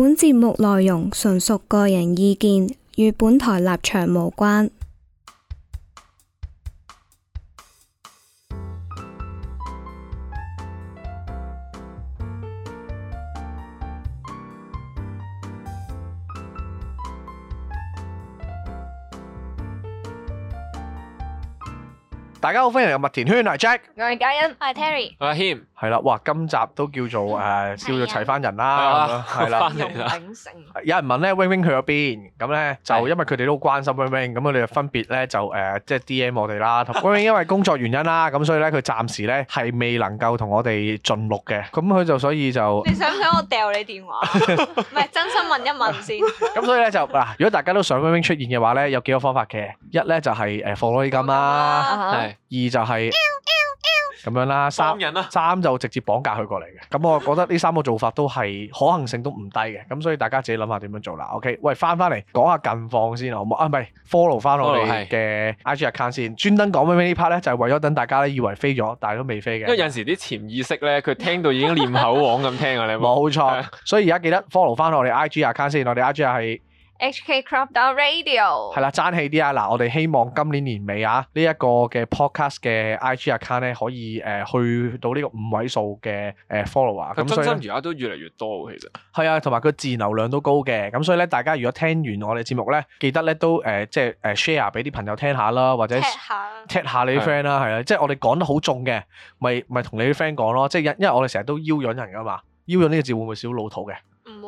本節目內容純屬個人意見，與本台立場無關。大家好，歡迎入麥田圈，我係 Jack、我係嘉欣、我係 Terry、阿 him。係啦，哇！今集都叫做誒，叫做齊翻人啦，係啦，齊翻人啦。有人問咧，wing wing 去咗邊？咁咧就因為佢哋都好關心 wing wing，咁佢哋就分別咧就誒，即係 DM 我哋啦。同 wing wing 因為工作原因啦，咁所以咧佢暫時咧係未能夠同我哋進錄嘅。咁佢就所以就你想唔想我掉你電話？唔係，真心問一問先。咁所以咧就嗱，如果大家都想 wing wing 出現嘅話咧，有幾個方法嘅。一咧就係誒放多啲金啦，係。二就係。咁樣啦，三人啦、啊，三就直接綁架佢過嚟嘅。咁我覺得呢三個做法都係 可行性都唔低嘅。咁所以大家自己諗下點樣做啦。OK，喂，翻翻嚟講下近況先啊。我唔啊，唔係 follow 翻我哋嘅 IG account 先。專登講俾你呢 part 咧，就係、是、為咗等大家咧以為飛咗，但係都未飛嘅。因為有時啲潛意識咧，佢聽到已經念口簧咁聽啊，你冇錯。所以而家記得 follow 翻我哋 IG account 先。我哋 IG 係。HK Crop Down Radio 係啦，爭氣啲啊！嗱，我哋希望今年年尾啊，呢、這、一個嘅 podcast 嘅 IG account 咧，可以誒、呃、去到呢個五位數嘅誒 follower。咁、呃、但 所以而家都越嚟越多喎，其實係啊，同埋佢自然流量都高嘅。咁所以咧，大家如果聽完我哋節目咧，記得咧都誒即係誒 share 俾啲朋友聽下啦，或者 tag 下 tag 下你啲 friend 啦，係啊，即係我哋講得好重嘅，咪咪同你啲 friend 講咯。即係因因為我哋成日都邀引人噶嘛，邀引呢個字會唔會少老土嘅？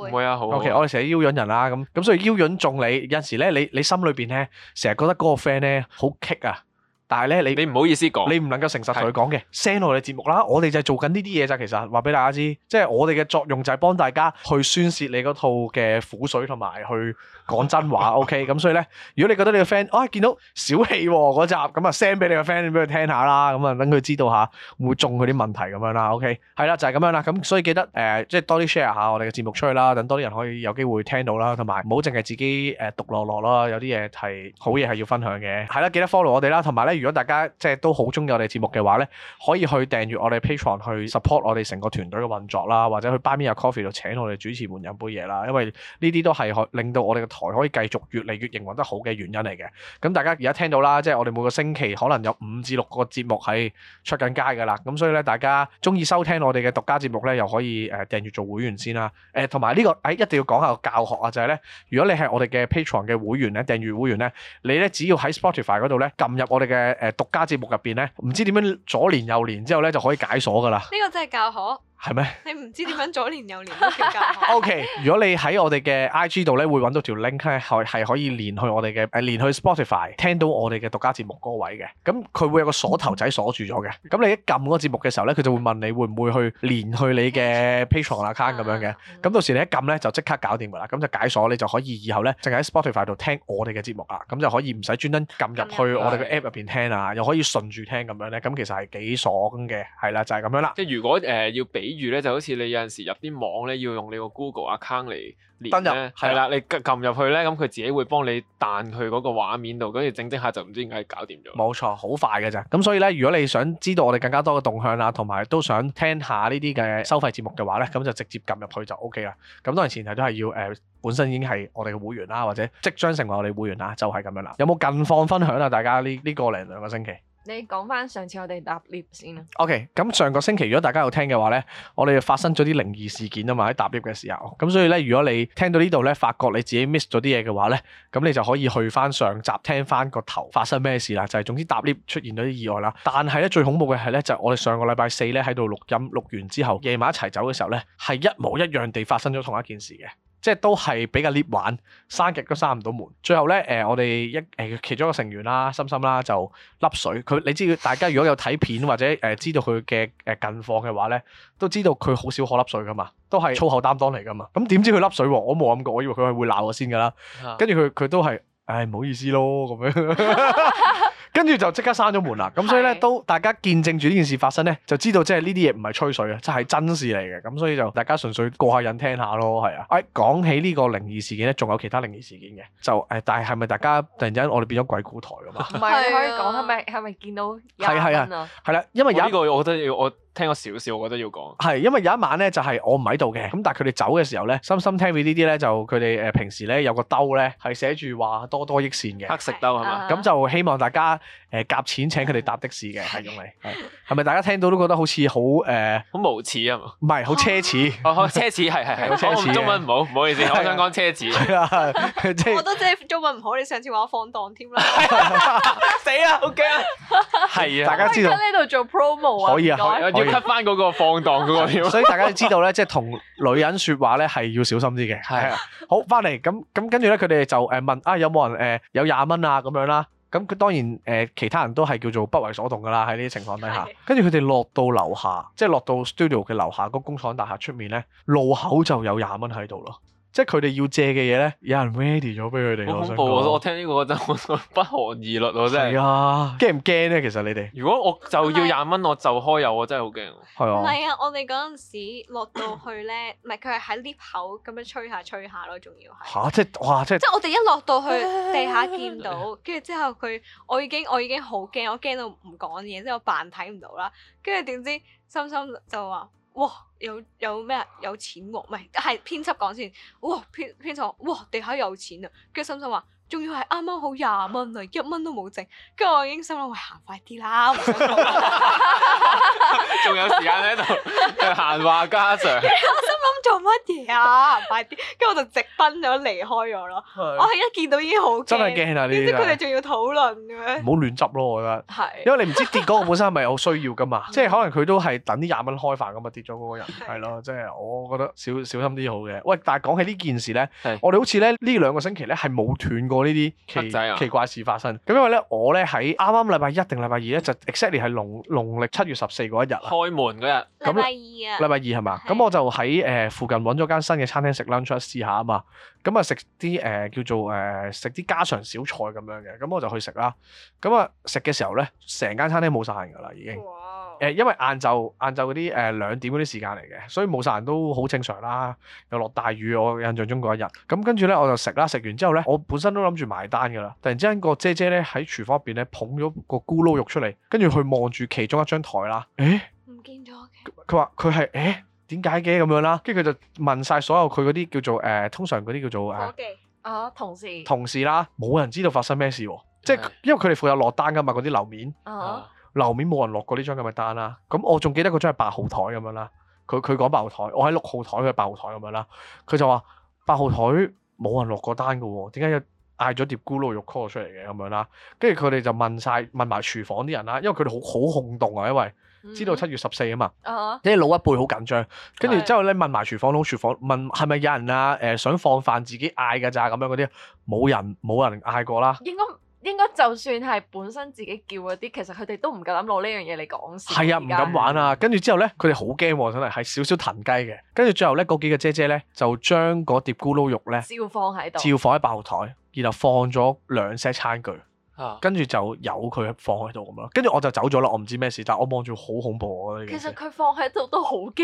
唔會啊，好，好。OK，我哋成日邀引人啦，咁咁所以邀引中你有陣時咧，你你心裏邊咧，成日覺得嗰個 friend 咧好棘啊，但係咧你你唔好意思講，你唔能夠誠實同佢講嘅，send 我哋節目啦，我哋就係做緊呢啲嘢啫。其實話俾大家知，即係我哋嘅作用就係幫大家去宣泄你嗰套嘅苦水同埋去。講 真話，OK，咁所以咧，如果你覺得你個 friend，哦，見到小氣嗰、哦、集，咁啊 send 俾你個 friend 俾佢聽下啦，咁啊等佢知道下會中佢啲問題咁樣啦，OK，係啦，就係、是、咁樣啦，咁所以記得誒、呃，即係多啲 share 下我哋嘅節目出去啦，等多啲人可以有機會聽到啦，同埋唔好淨係自己誒獨樂樂咯，有啲嘢係好嘢係要分享嘅，係啦，記得 follow 我哋啦，同埋咧，如果大家即係都好中意我哋節目嘅話咧，可以去訂閱我哋 Patreon 去 support 我哋成個團隊嘅運作啦，或者去 buy me a coffee 度請我哋主持們飲杯嘢啦，因為呢啲都係令到我哋嘅。台可以繼續越嚟越營運得好嘅原因嚟嘅，咁大家而家聽到啦，即係我哋每個星期可能有五至六個節目係出緊街噶啦，咁所以咧，大家中意收聽我哋嘅獨家節目咧，又可以誒、呃、訂閱做會員先啦，誒同埋呢個誒一定要講下個教學啊，就係、是、咧，如果你係我哋嘅 Patreon 嘅會員咧，訂閱會員咧，你咧只要喺 Spotify 嗰度咧，撳入我哋嘅誒獨家節目入邊咧，唔知點樣左連右連之後咧就可以解鎖噶啦。呢個真係教學。係咩？你唔知點樣左連右連都得㗎。O K，如果你喺我哋嘅 I G 度咧，會揾到條 link 係係可以連去我哋嘅誒連去 Spotify，聽到我哋嘅獨家節目嗰位嘅。咁佢會有個鎖頭仔鎖住咗嘅。咁你一撳嗰個節目嘅時候咧，佢就會問你會唔會去連去你嘅 Patreon account 咁樣嘅。咁到時你一撳咧，就即刻搞掂㗎啦。咁就解鎖，你就可以以後咧淨係喺 Spotify 度聽我哋嘅節目啊。咁就可以唔使專登撳入去我哋嘅 app 入邊聽啊，又可以順住聽咁樣咧。咁其實係幾爽嘅。係啦，就係咁樣啦。即係如果誒要俾。比如咧，就好似你有陣時入啲網咧，要用你個 Google account 嚟連咧、登入，係啦入，你撳入去咧，咁佢自己會幫你彈去嗰個畫面度，跟住整整下就唔知點解搞掂咗。冇錯，好快嘅咋。咁所以咧，如果你想知道我哋更加多嘅動向啦，同埋都想聽下呢啲嘅收費節目嘅話咧，咁就直接撳入去就 OK 啦。咁當然前提都係要誒、呃、本身已經係我哋嘅會員啦，或者即將成為我哋會員啦，就係、是、咁樣啦。有冇近況分享啊？大家呢呢、這個零兩個星期？你講翻上次我哋搭 lift 先啦。OK，咁上個星期如果大家有聽嘅話呢，我哋又發生咗啲靈異事件啊嘛，喺搭 lift 嘅時候。咁所以呢，如果你聽到呢度呢，發覺你自己 miss 咗啲嘢嘅話呢，咁你就可以去翻上集聽翻個頭發生咩事啦。就係總之搭 lift 出現咗啲意外啦。但係呢，最恐怖嘅係呢，就係我哋上個禮拜四呢喺度錄音錄完之後，夜晚一齊走嘅時候呢，係一模一樣地發生咗同一件事嘅。即係都係比較捏玩，閂極都閂唔到門。最後呢，誒、呃、我哋一誒、呃、其中一個成員啦、啊，心心啦、啊、就甩水。佢你知，大家如果有睇片或者誒知道佢嘅誒近況嘅話呢，都知道佢好少可甩水噶嘛，都係粗口擔當嚟噶嘛。咁點知佢甩水喎、啊？我冇諗過，我以為佢係會鬧我先噶啦。跟住佢佢都係，唉、哎、唔好意思咯咁樣。 跟住就即刻閂咗門啦，咁所以咧是都大家見證住呢件事發生咧，就知道即係呢啲嘢唔係吹水嘅，即、就、係、是、真事嚟嘅，咁所以就大家純粹過下癮聽下咯，係啊！誒、哎、講起呢個靈異事件咧，仲有其他靈異事件嘅，就誒、呃，但係係咪大家突然間我哋變咗鬼故台㗎嘛？唔係可以講係咪係咪見到？係係啊，係啦、啊啊，因為有呢個，我覺得要我。聽咗少少，我覺得要講。係，因為有一晚咧，就係、是、我唔喺度嘅，咁但係佢哋走嘅時候咧，心心聽住呢啲咧，就佢哋誒平時咧有個兜咧，係寫住話多多益善嘅黑食兜係嘛，咁就希望大家。誒，夾錢請佢哋搭的士嘅，係用嚟係咪？大家聽到都覺得好似好誒，好無恥啊！唔係，好奢侈，奢侈係係係，好奢侈。中文唔好，唔好意思，我想講奢侈。我都知中文唔好，你上次話放蕩添啦，死啊！好驚。係啊，大家知道呢度做 promo 啊，可以啊，我要 cut 翻嗰個放蕩嗰個。所以大家知道咧，即係同女人說話咧，係要小心啲嘅。係啊，好翻嚟咁咁，跟住咧，佢哋就誒問啊，有冇人誒有廿蚊啊？咁樣啦。咁佢當然，其他人都係叫做不為所動㗎喇，喺呢啲情況底下，跟住佢哋落到樓下，即係落到 studio 嘅樓下個工廠大廈出面呢，路口就有廿蚊喺度咯。即係佢哋要借嘅嘢咧，有人 ready 咗俾佢哋。好恐怖 啊！我聽呢個嗰陣，我真係不寒而慄喎，真係。係啊，驚唔驚咧？其實你哋。如果我就要廿蚊，我就開油，嗯、我真係好驚。係啊。唔係啊！ 我哋嗰陣時落到去咧，唔係佢係喺裂口咁樣吹下吹下咯，仲要係。嚇！即係哇！即係。即係我哋一落到去、哎、呀地下見到，跟住之後佢，我已經我已經好驚，我驚到唔講嘢，之後扮睇唔到啦。跟住點知心心就話。哇！有有咩啊？有錢喎，唔係，係編輯講先。哇，編編輯，哇地下有錢啊，跟住心心話。仲要係啱啱好廿蚊啊，一蚊都冇剩，跟住我已經心諗：喂，行快啲啦！仲有時間喺度，閒話家常。我心諗做乜嘢啊？快啲！跟住我就直奔咗離開咗咯。我係一見到已經好驚。真係驚啊！點知佢哋仲要討論咁樣？唔好亂執咯，我覺得。係。因為你唔知跌嗰個本身係咪有需要㗎嘛？即係可能佢都係等啲廿蚊開飯㗎嘛？跌咗嗰個人係咯，即係我覺得小小心啲好嘅。喂，但係講起呢件事咧，我哋好似咧呢兩個星期咧係冇斷過。呢啲奇、啊、奇怪事發生，咁因為咧，我咧喺啱啱禮拜一定禮拜二咧就 exactly 係農農曆七月十四嗰一日開門嗰日，咁禮拜二啊，禮拜二係係、呃、嘛？咁我就喺誒附近揾咗間新嘅餐廳食 lunch 試下啊嘛，咁啊食啲誒叫做誒食啲家常小菜咁樣嘅，咁我就去食啦。咁啊食嘅時候咧，成間餐廳冇晒人噶啦，已經。誒，因為晏晝晏晝嗰啲誒兩點嗰啲時間嚟嘅，所以冇晒人都好正常啦。又落大雨，我印象中嗰一日。咁、嗯、跟住咧，我就食啦。食完之後咧，我本身都諗住埋單噶啦。突然之間，個姐姐咧喺廚房入邊咧捧咗個咕嚕肉出嚟，跟住佢望住其中一張台啦。誒、欸，唔見咗。嘅。佢話佢係誒點解嘅咁樣啦，跟住佢就問晒所有佢嗰啲叫做誒、呃，通常嗰啲叫做誒。夥、okay. uh, 同事。同事啦，冇人知道發生咩事喎、啊。即係對因為佢哋負責落單噶嘛，嗰啲樓面。啊。Uh. 樓面冇人落過呢張咁嘅單啦，咁我仲記得嗰張係八號台咁樣啦。佢佢講八號台，我喺六號台嘅八號台咁樣啦。佢就話八號台冇人落過單㗎喎，點解要嗌咗碟咕嚕肉 call 出嚟嘅咁樣啦？跟住佢哋就問晒問埋廚房啲人啦，因為佢哋好好轟動啊，因為知道七月十四啊嘛，即係、嗯、哼老一輩好緊張。跟住之後咧問埋廚房，老廚房問係咪有人啊？誒、呃、想放飯自己嗌嘅咋咁樣嗰啲，冇人冇人嗌過啦、啊。應該。應該就算係本身自己叫嗰啲，其實佢哋都唔夠膽攞呢樣嘢嚟講事。係啊，唔敢玩啊！跟住之後咧，佢哋好驚喎，真係係少少騰雞嘅。跟住最後咧，嗰幾個姐姐呢，就將嗰碟咕嚕肉咧，照放喺度，照放喺白雲台，然後放咗兩 set 餐具。跟住就由佢放喺度咁樣，跟住我就走咗啦。我唔知咩事，但係我望住好恐怖啊！呢其實佢放喺度都、啊、好驚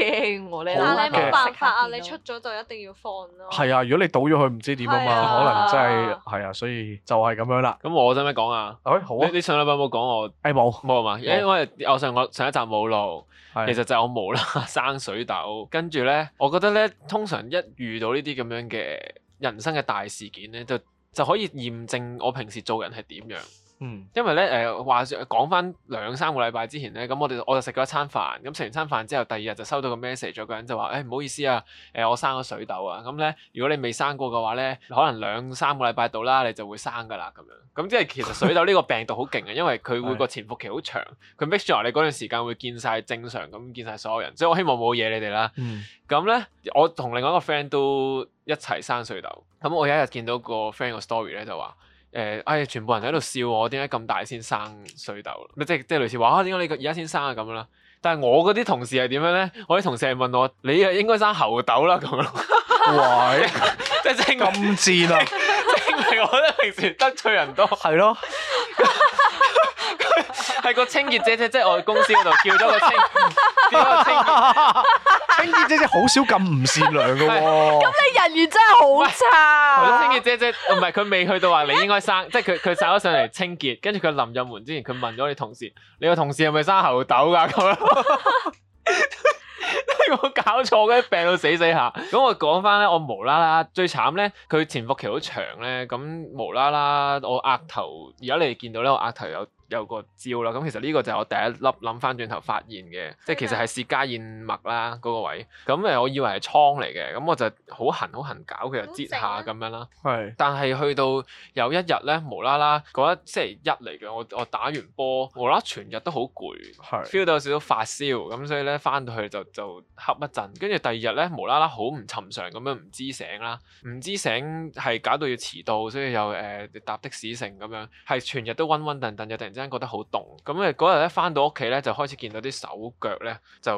喎，你你冇辦法啊！實你出咗就一定要放咯、啊。係啊，如果你倒咗佢，唔知點啊嘛？啊可能真係係啊，所以就係咁樣啦。咁、嗯、我使乜講啊？誒、哎、好啊！你，你上禮拜冇講我誒冇冇啊嘛？因為、哎、Yeah. 我上個上一集冇錄，的其實就我冇啦，生水痘。跟住咧，我覺得咧，通常一遇到呢啲咁樣嘅人生嘅大事件咧，就就可以驗證我平時做人係點樣。嗯，因為咧，誒、呃、話說講翻兩三個禮拜之前咧，咁我哋我就食咗一餐飯，咁、嗯、食完餐飯之後，第二日就收到個 message，個人就話，誒、哎、唔好意思啊，誒、呃、我生咗水痘啊，咁、嗯、咧如果你未生過嘅話咧，可能兩三個禮拜到啦，你就會生噶啦，咁樣。咁即係其實水痘呢個病毒好勁啊，因為佢會個潛伏期好長，佢 make sure 你嗰段時間會見晒正常咁見晒所有人，所以我希望冇嘢你哋啦。咁咧、嗯，我同另外一個 friend 都一齊生水痘，咁我有一日見到個 friend 個 story 咧就話。誒，哎，全部人喺度笑我，我點解咁大先生水痘？即係即係類似話，啊、點解你而家先生啊咁樣啦？但係我嗰啲同事係點樣咧？我啲同事係問我，你係應該生猴痘啦咁樣咯。喂， 即係真係咁賤啊！證明我覺得平時得罪人多。係咯。係個清潔姐，姐姐，即、就、係、是、我公司嗰度叫咗個清， 個清潔姐姐， 姐姐好少咁唔善良噶。咁 是、 嗯、你人緣真係好差。是 清潔姐姐唔係佢未去到話你應該生，即係佢佢走咗上嚟清潔，跟住佢臨入門之前，佢問咗你同事，你個同事係咪生猴痘噶？咁樣有冇搞錯嘅，病到死死下。咁我講翻咧，我無啦啦，最慘咧，佢潛伏期好長咧，咁無啦啦，我額頭而家你哋見到咧，我額頭有。有個招啦，咁其實呢個就係我第一粒諗翻轉頭發現嘅，即係其實係蝕加燕麥啦嗰、那個位。咁誒，我以為係倉嚟嘅，咁我就好痕好痕，搞佢又擠下咁樣啦。係、嗯。但係去到有一日咧，無啦啦嗰一星期一嚟嘅，我我打完波，無啦啦全日都好攰，feel 到少少發燒，咁所以咧，翻到去就就瞌一陣，跟住第二日咧無啦啦好唔尋常咁樣唔知醒啦，唔知醒係搞到要遲到，所以又誒搭、呃、的士成咁樣，係全日都昏昏頓頓，就突真覺得好凍，咁咧嗰日咧返到屋企咧，就開始見到啲手腳咧就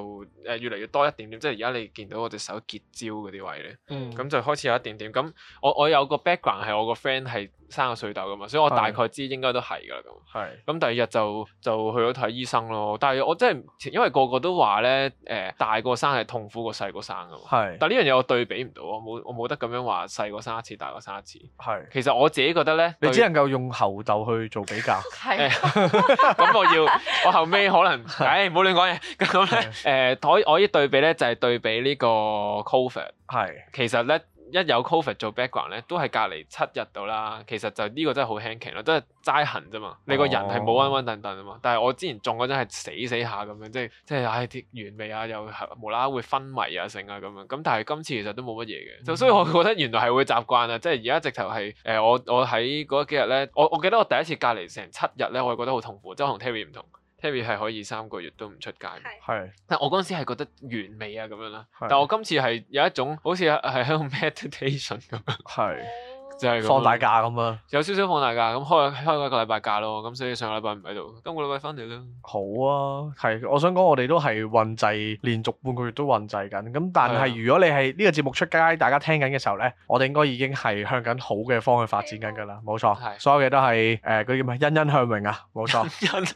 誒越嚟越多一點點，即係而家你見到我隻手結痂嗰啲位咧，咁、嗯、就開始有一點點。咁我我有個 background 係我個 friend 係生過水痘噶嘛，所以我大概知應該都係噶啦咁。係咁是第二日就就去咗睇醫生咯。但係我真、就、係、是、因為個個都話咧，誒、呃、大個生係痛苦過細個生噶嘛。係是但呢樣嘢我對比唔到，我冇我冇得咁樣話細個生一次，大個生一次。係是其實我自己覺得咧，你只能夠用猴痘去做比較。係。 咁 我要， 我後尾可能，唉、 哎，唔好亂講嘢。咁咧， 誒、 呃，可以，我呢對比咧就係對比呢、就是、對比個 cover，係，其實咧。一有 COVID 做 background 咧，都係隔離七日度啦。其實就呢個真係好輕騎咯，都係齋痕啫嘛。你個人係冇温温頓頓啊嘛。但係我之前中嗰陣係死死下咁樣，即係即係唉啲原味啊，又係無啦啦會昏迷啊剩啊咁樣。咁但係今次其實都冇乜嘢嘅。就所以我覺得原來係會習慣啦。即係而家直頭係誒我我喺嗰幾日咧，我我，呢我，我記得我第一次隔離成七日咧，我係覺得好痛苦。即係同 Terri 唔同。Terry 係可以三個月都唔出街，係是，但我嗰陣時係覺得完美啊咁樣啦，是，但我今次係有一種好似係喺度 meditation 咁樣。係。就係放大假咁啊！有少少放大假咁，開開個一禮拜假咯。咁所以上個禮拜唔喺度，今個禮拜翻嚟啦。好啊，係我想講，我哋都係運滯，連續半個月都運滯緊。咁但係如果你係呢個節目出街，大家聽緊嘅時候咧，我哋應該已經係向緊好嘅方向發展緊㗎啦。冇錯，所有嘢都係誒嗰啲咩欣欣向榮啊，冇錯。欣欣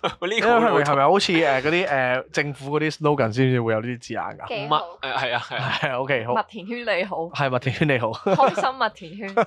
向榮係咪好似誒嗰啲誒政府嗰啲 slogan，先至知會有呢啲字眼㗎？麥田圈你好，係麥田圈你好，開心麥田圈。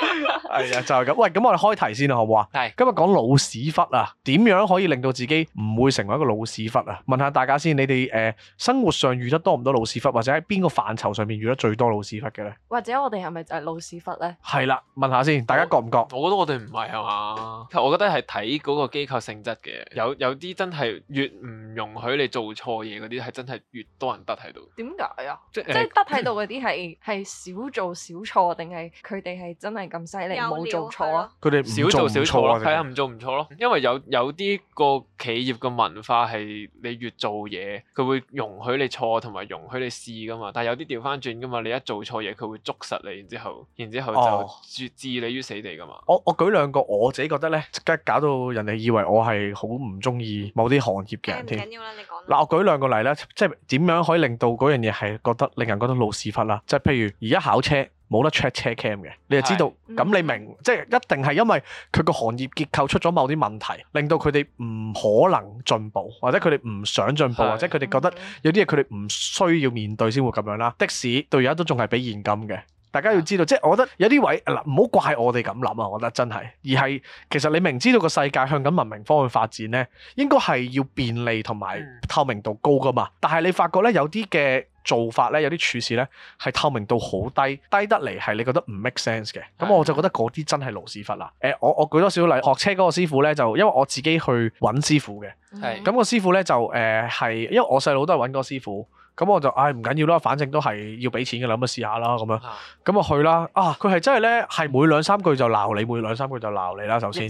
係啊、 哎，就係、是、咁。喂，咁我哋開題先啦，好唔好啊？係是。今日講老屎忽啊，點樣可以令到自己唔會成為一個老屎忽啊？問下大家先，你哋誒、呃、生活上遇得多唔多老屎忽，或者喺邊個範疇上面遇得最多老屎忽嘅咧？或者我哋係咪就係老屎忽咧？係啦，問下先，大家覺唔覺我？我覺得我哋唔係係嘛，其實 我覺得係睇嗰個機構性質嘅。有有啲真係越唔容許你做錯嘢嗰啲，係真係越多人得睇到。點解啊？即係、呃、得睇到嗰啲係係少做少錯，定係佢哋係真係？咁犀利冇做錯啊！佢哋少做少錯咯，係啊，唔做唔錯咯。因為有有啲個企業嘅文化係你越做嘢，佢會容許你錯同埋容許你試噶嘛。但係有啲調翻轉噶嘛，你一做錯嘢，佢會捉實你，然之後，然之後就置置你於死地噶嘛。我我舉兩個我自己覺得咧，即刻搞到人哋以為我係好唔中意某啲行業嘅人添。嗱、欸，唔緊要啦，你講，我舉兩個例啦，即係點樣可以令到嗰樣嘢係覺得令人覺得老屎忽啦？即係譬如而家考車。冇得 check 車 cam 嘅，你就知道咁、嗯、你明，即係一定係因為佢個行業結構出咗某啲問題，令到佢哋唔可能進步，或者佢哋唔想進步，是或者佢哋覺得有啲嘢佢哋唔需要面對先會咁樣啦。嗯、的士到而家都仲係俾現金嘅，大家要知道，即係我覺得有啲位嗱，唔好、嗯、怪我哋咁諗啊！我覺得真係，而係其實你明知道個世界向緊文明方向發展咧，應該係要便利同埋透明度高噶嘛，嗯、但係你發覺咧有啲嘅。做法咧有啲處事咧係透明度好低，低得嚟係你覺得唔 make sense 嘅，咁的我就覺得嗰啲真係老屎忽啦。誒、呃，我我舉多少例，學車嗰個師傅咧，就因為我自己去揾師傅嘅，係咁的個師傅咧就誒係、呃，因為我細佬都係揾嗰個師傅。咁我就唉唔緊要啦，反正都係要俾錢嘅啦，咁、嗯、就試下啦，咁樣咁、啊、就去啦。啊，佢係真係咧，係每兩三句就鬧你，每兩三句就鬧你啦。首先，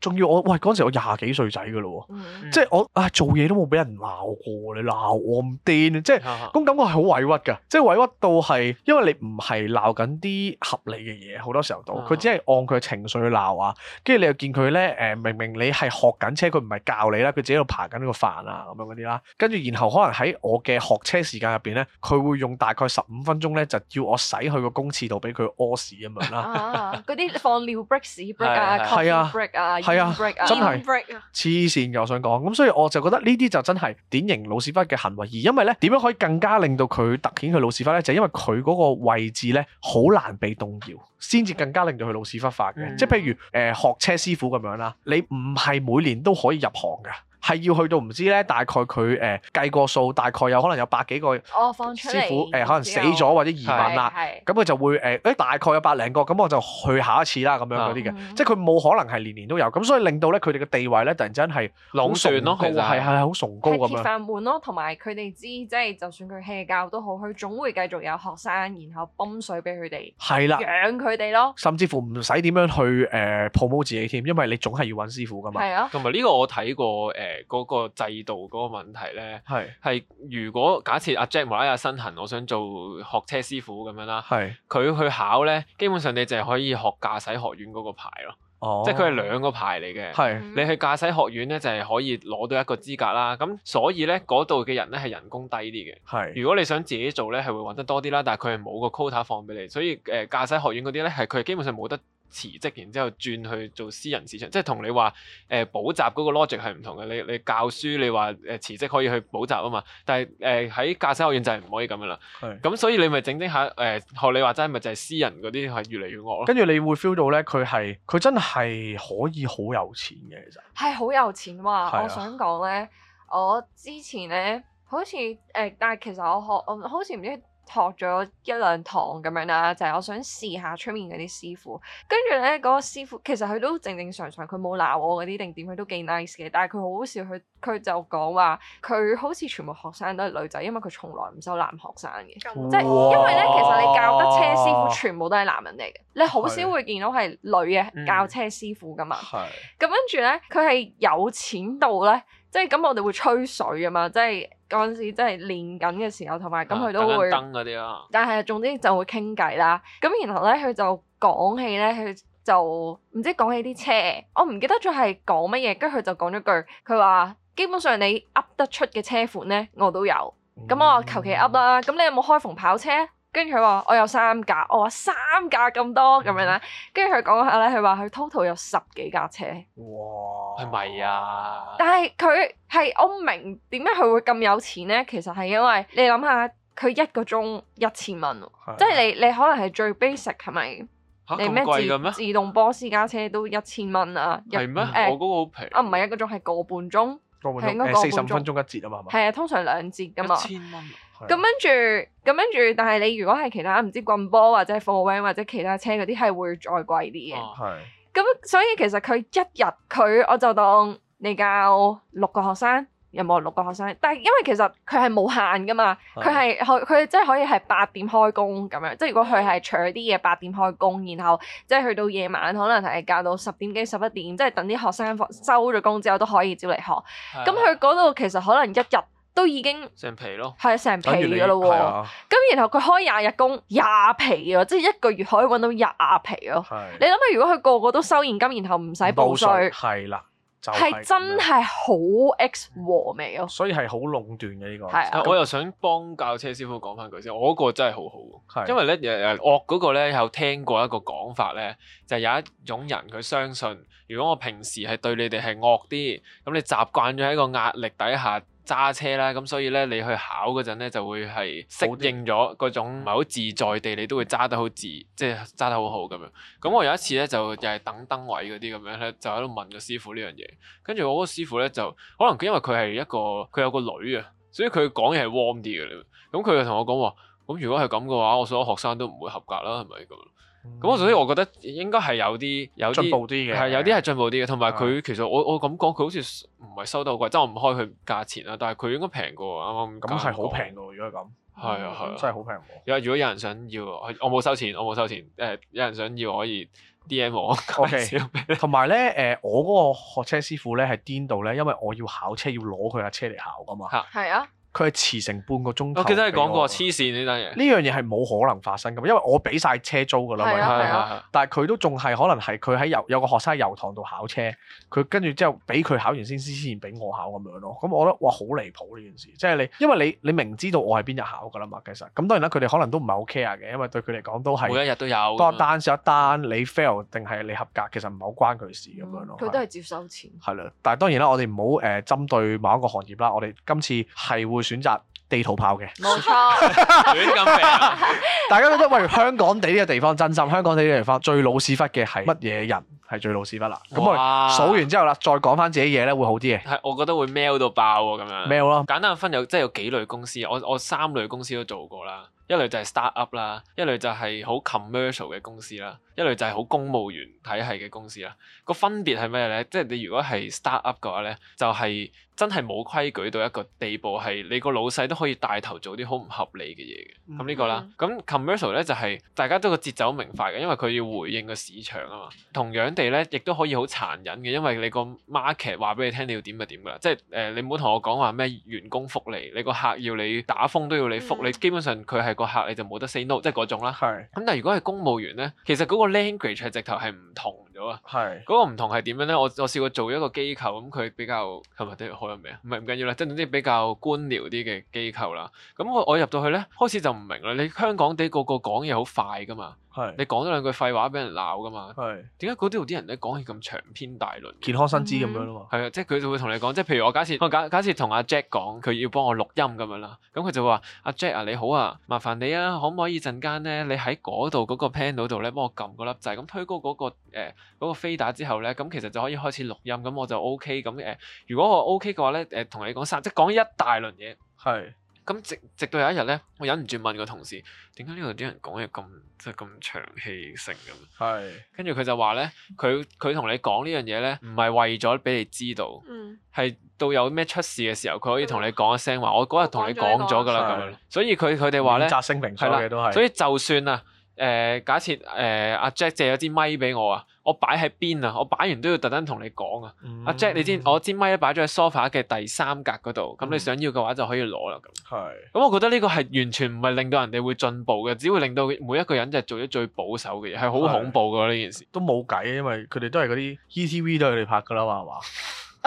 仲要我喂嗰陣時我廿幾歲仔嘅咯喎，嗯、即係我啊做嘢都冇俾人鬧過，你鬧我唔癲即係咁、啊啊、感覺係好委屈㗎，即係委屈到係因為你唔係鬧緊啲合理嘅嘢，好多時候都佢只係按佢嘅情緒去鬧啊。跟住你又見佢咧，誒、呃、明明你係學緊車，佢唔係教你啦，佢自己喺度扒緊個飯啊咁樣嗰啲啦。跟住然後可能喺我嘅學車，咩時間入邊咧？佢會用大概十五分鐘咧，就要我洗去個公廁度俾佢屙屎咁樣啦。嗰啲、 啊、放尿 break 屎 break 啊，係啊，break 啊，係啊，break 啊，啊啊真係黐線嘅！我想講咁，所以我就覺得呢啲就真係典型老屎忽嘅行為。而因為咧，點樣可以更加令到佢突顯佢老屎忽咧？就是、因為佢嗰個位置咧，好難被動搖，先至更加令到佢老屎忽化嘅。嗯、即係譬如誒、呃、學車師傅咁樣啦，你唔係每年都可以入行㗎。係要去到唔知咧，大概佢誒、呃、計個數，大概有可能有百幾個師傅誒、哦呃，可能死咗或者移民啦。咁佢就會誒，誒、呃、大概有百零個，咁我就去下一次啦，咁樣嗰啲嘅。的即係佢冇可能係年年都有，咁所以令到咧佢哋嘅地位咧，突然間係好崇高，係係係好崇高咁樣。鐵飯碗咯，同埋佢哋知，即係就算佢歇教都好，佢總會繼續有學生，然後泵水俾佢哋，的養佢哋咯。甚至乎唔使點樣去誒 promote、呃、自己添，因為你總係要揾師傅噶嘛。係啊的，同埋呢個我睇過誒。呃誒嗰個制度嗰個問題咧，係係是如果假設阿 Jack 或者阿新恒，我想做學車師傅咁樣啦，係佢是去考咧，基本上你就係可以學駕駛學院嗰個牌咯，哦、即係佢係兩個牌嚟嘅，係是、嗯、你去駕駛學院咧就係、是、可以攞到一個資格啦，咁所以咧嗰度嘅人咧係人工低啲嘅，係是如果你想自己做咧係會搵得多啲啦，但係佢係冇個 quota 放俾你，所以誒、呃、駕駛學院嗰啲咧係佢基本上冇得辭職，然之後轉去做私人市場，即係、呃、同你話誒補習嗰個 logic 係唔同嘅。你你教書，你話誒辭職可以去補習啊嘛，但係誒喺駕駛學院就係唔可以咁噶啦。係咁是、嗯，所以你咪整整下誒學、呃、你話齋，咪就係私人嗰啲係越嚟越惡咯。跟住你會 feel 到咧，佢係佢真係可以好有錢嘅，其實係好有錢哇！啊、我想講咧，我之前咧好似誒、呃，但係其實我學我好似唔知。學咗一兩堂咁樣啦，就係、是、我想試下出面嗰啲師傅。跟住咧，嗰、那個師傅其實佢都正正常常，佢冇鬧我嗰啲，定點佢都幾 nice 嘅。但係佢好好笑，佢佢就講話，佢好似全部學生都係女仔，因為佢從來唔收男學生嘅。即係哇因為咧，其實你教得車師傅全部都係男人嚟嘅，你好少會見到係女嘅的教車師傅㗎嘛。咁跟住咧，佢係有錢到咧，即係咁我哋會吹水啊嘛，即係。嗰陣時真係練緊嘅時候，同埋咁佢都會，啊、但係總之就會傾偈啦。咁然後咧，佢就講起咧，佢就唔知講起啲車，我唔記得咗係講乜嘢。跟住佢就講咗句，佢話基本上你噏得出嘅車款咧，我都有。咁、嗯、我求其噏啦。咁你有冇開篷跑車？跟住佢話：我有三架，我話三架咁多咁樣咧。跟住佢講下咧，佢話佢 total 有十幾架車。哇！係咪啊？但係佢係我唔明點解佢會咁有錢咧？其實係因為你諗下，佢一個鐘一千蚊，即係你你可能係最 basic 係咪？嚇咁貴嘅咩？自動波私家車都一千蚊啊！係咩？我嗰個好平啊！唔係一個鐘係個半鐘，個半鐘四十分鐘一節啊嘛，係啊，通常兩節噶嘛，一千蚊。咁跟住，咁跟住，但係你如果係其他唔知棍波或者貨 van 或者其他車嗰啲，係會再貴啲嘅。哦，係。咁所以其實佢一日佢我就當你教六個學生，有冇六個學生？但係因為其實佢係冇限噶嘛，佢係佢即係可以係八點開工咁樣。即係如果佢係除咗啲嘢八點開工，然後即係去到夜晚可能係教到十點幾十一點，即係等啲學生收咗工之後都可以招嚟學。咁佢嗰度其實可能一日。都已經成皮咯，係啊，成皮噶咯喎。咁然後佢開廿日工廿皮啊，即係一個月可以揾到廿皮咯。係是，你諗下，如果佢個個都收現金，然後唔使報稅，係啦、啊，係、就係、真係好 x 和味咯、啊嗯。所以係好壟斷嘅呢個。係、啊、那我又想幫教車師傅講翻句先，我嗰個真係好好。是因為咧，人人惡嗰個咧有聽過一個講法咧，就係、有一種人佢相信，如果我平時係對你哋係惡啲，咁你習慣咗喺個壓力底下。揸車啦，咁所以咧，你去考嗰陣咧，就會係適應咗嗰種唔係好自在地，你都會揸得好自，即係揸得好好咁樣。咁我有一次咧，就又係等燈位嗰啲咁樣咧，就喺度問個師，師傅呢樣嘢。跟住我嗰個師傅咧，就可能佢因為佢係一個佢有個女啊，所以佢講嘢係 warm 啲嘅。咁佢就同我講話：，咁如果係咁嘅話，我所有學生都唔會合格啦，係咪咁？咁、嗯、所以，我覺得應該係有啲有進步啲嘅，係有啲係進步啲嘅。同埋佢其實我我咁講，佢好似唔係收得好貴，即係我唔開佢價錢啦。但係佢應該平嘅喎，啱啱咁係好平嘅喎。如果咁係啊係啊，啊真係好平喎。如果有人想要，我冇收錢，我冇收錢。誒，有人想要可以 DM 我。OK。同埋咧誒，我嗰個學車師傅咧係癲到咧，因為我要考車要攞佢架車嚟考噶嘛。嚇，係啊。佢係遲成半個鐘頭。我記得你係講過，黐線呢單嘢。呢樣嘢係冇可能發生㗎，因為我俾晒車租㗎啦。但係佢都仲係可能係佢喺有有個學生喺油塘度考車，佢跟住之後俾佢考完先先先俾我考咁樣咯。咁我覺得哇好離譜呢件事，即係你因為你你明知道我係邊日考㗎啦嘛，其實咁當然啦，佢哋可能都唔係好 care 嘅，因為對佢嚟講都係每一日都有，多單少一單，你 fail 定係你合格，其實唔係好關佢事咁樣咯。佢都係接收錢。係啦，但係當然啦，我哋唔好誒針對某一個行業啦。我哋今次係會。選擇地圖炮嘅，冇錯，選，咁大家覺得喂，香港地呢個地方真心，香港地呢個地方最老屎忽嘅係乜嘢人係最老屎忽啦？咁哇 我數完之後啦，再講翻自己嘢咧會好啲嘅。係，我覺得會 mail 到爆喎，啊，咁樣 mail 咯。簡單分有即係、就是、有幾類公司，我我三類公司都做過啦。一類就係 start up 啦，一類就係好 commercial 嘅公司啦，一類就係好公務員體系嘅公司啦。個分別係咩咧？即係你如果係 start up 嘅話咧，就係、是、真係冇規矩到一個地步，係你個老細都可以帶頭做啲好唔合理嘅嘢嘅。咁呢、mm hmm. 個啦，咁 commercial 咧就係、是、大家都個節奏明快嘅，因為佢要回應個市場啊嘛。同樣地咧，亦都可以好殘忍嘅，因為你個 market 話俾你聽你要點就點㗎啦。即係誒、呃，你唔好同我講話咩員工福利，你個客要你打風都要你福利，mm hmm. 基本上佢係。個客你就冇得 say no，即係嗰種啦。係咁是，但係如果係公務員咧，其實嗰個 language 係直頭係唔同。係，嗰個唔同係點樣咧？我我試過做一個機構咁，佢比較是是係咪啲好有名唔係，唔緊要啦，即係總之比較官僚啲嘅機構啦。咁我我入到去咧，開始就唔明啦。你香港地個個講嘢好快噶嘛？係的，你講咗兩句廢話俾人鬧噶嘛？係的，點解嗰度啲人咧，講起咁長篇大論？健康新知咁樣咯，係啊，即係佢就會同你講，即係譬如我假設，我假假設同阿 Jack 講，佢要幫我錄音咁樣啦。咁佢就話，阿 Jack 啊，你好啊，麻煩你啊，可唔可以陣間咧，你喺嗰度嗰個 panel 度咧幫我撳個粒掣，咁推高嗰、嗰個、呃嗰個飛打之後咧，咁其實就可以開始錄音，咁我就 O K，咁誒，如果我 O K 嘅話咧，誒、呃、同你講三，即係講一大輪嘢，係是，咁直直到有一日咧，我忍唔住問個同事，點解呢度啲人講嘢咁即係咁長氣性咁？係是，跟住佢就話咧，佢佢同你講呢樣嘢咧，唔係為咗俾你知道，係、嗯、到有咩出事嘅時候，佢可以同你講一聲話，嗯、我嗰日同你講咗㗎啦咁，這個、所以佢佢哋話咧，五扎聲屏所以就算啊。誒假設誒阿 Jack 借咗支咪俾我啊，我擺喺邊啊？我擺完都要特登同你講啊！阿、嗯、Jack，你知我支咪咧擺咗喺 sofa 嘅第三格嗰度，咁、嗯、你想要嘅話就可以攞啦。咁係是，咁我覺得呢個係完全唔係令到人哋會進步嘅，只會令到每一個人就係做咗最保守嘅嘢，係好恐怖噶呢是件事。都冇計，因為佢哋都係嗰啲 ETV 都係佢哋拍噶啦嘛。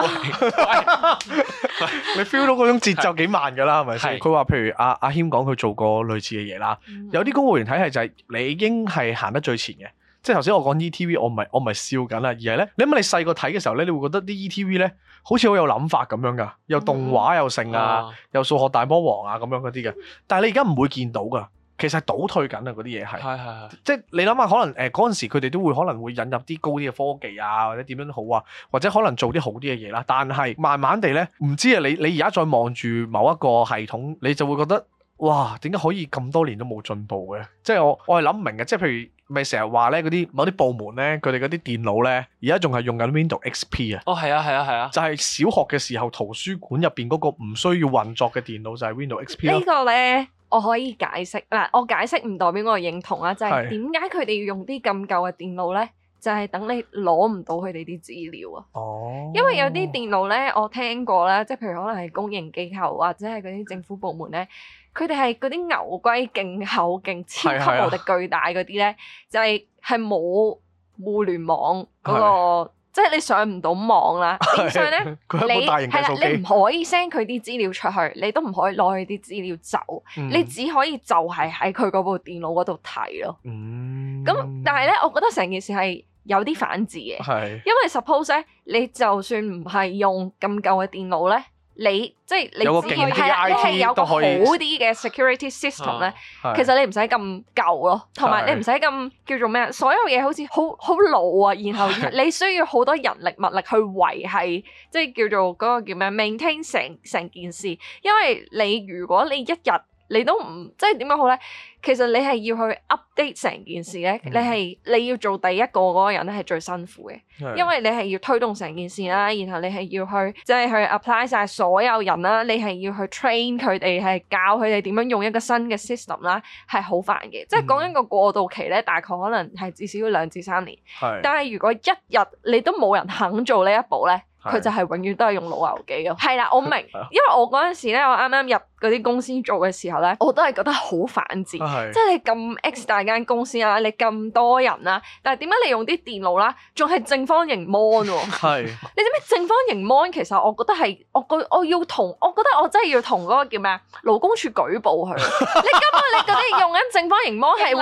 你 feel 到嗰種節奏幾慢㗎啦，係咪先？佢話譬如阿阿謙講佢做過類似嘅嘢啦，的有啲公務員體系就係你已經係行得最前嘅，即係頭先我講 E T V，我唔係我唔係笑緊啦，而係咧你諗你細個睇嘅時候咧，你會覺得啲 E T V 咧好似好有諗法咁樣㗎，又動畫又剩啊，又的數學大魔王啊咁樣嗰啲嘅，但係你而家唔會見到㗎。其實倒退緊啊！嗰啲嘢係，是是是即係你諗下，可能誒嗰陣時佢哋都會可能會引入啲高啲嘅科技啊，或者點樣好啊，或者可能做啲好啲嘅嘢啦。但係慢慢地咧，唔知啊，你你而家再望住某一個系統，你就會覺得哇，點解可以咁多年都冇進步嘅？即係我我係諗唔明嘅，即係譬如咪成日話咧嗰啲某啲部門咧，佢哋嗰啲電腦咧而家仲係用緊 Windows XP 啊！哦，係啊，係啊，係啊！啊就係小學嘅時候圖書館入邊嗰個唔需要運作嘅電腦就係 Windows XP 呢個咧～我可以解釋嗱，我解釋唔代表我認同啊，就係點解佢哋要用啲咁舊嘅電腦咧？就係、是、等你攞唔到佢哋啲資料啊。哦，因為有啲電腦咧，我聽過啦，即係譬如可能係公營機構或者係嗰啲政府部門咧，佢哋係嗰啲牛龜勁厚勁超級無敵巨大嗰啲咧，的就係係冇互聯網嗰、嗰個。即係你上唔到網啦，點上咧？佢係部大型嘅手機，你唔可以 send 佢啲資料出去，你都唔可以攞佢啲資料走，嗯、你只可以就係喺佢部電腦嗰度睇咯。嗯，咁但係咧，我覺得成件事係有啲反智嘅，的因為 suppose 咧，你就算唔係用咁舊嘅電腦咧。你即係你，係啦，你係有個、啊、有個好啲嘅 security system 咧。其實你唔使咁舊咯，同埋、啊、你唔使咁叫做咩，所有嘢好似好好老啊。然後你需要好多人力物力去維繫，即係是叫做個叫咩，maintain 成成件事。因為你如果你一日你都唔即係點樣好咧？其實你係要去 update 成件事咧，嗯、你係你要做第一個嗰個人咧係最辛苦嘅，的因為你係要推動成件事啦，然後你係要去即係、就是、去 apply 晒所有人啦，你係要去 train 佢哋，係教佢哋點樣用一個新嘅 system 啦，係好煩嘅。即係講緊個過渡期咧，大概可能係至少要兩至三年。係的，但係如果一日你都冇人肯做呢一步咧。佢就係永遠都係用老牛記嘅。係啦，我明，因為我嗰陣時咧，我啱啱入嗰啲公司做嘅時候咧，我都係覺得好反戰，即係你咁 X 大間公司啦，你咁多人啦，但係點解你用啲電腦啦，仲係正方形 mon 喎？係。你知唔知正方形 mon，其實我覺得係我個我要同我覺得我真係要同嗰個叫咩啊，勞工處舉報佢。你今日你嗰啲用緊正方形 mon 係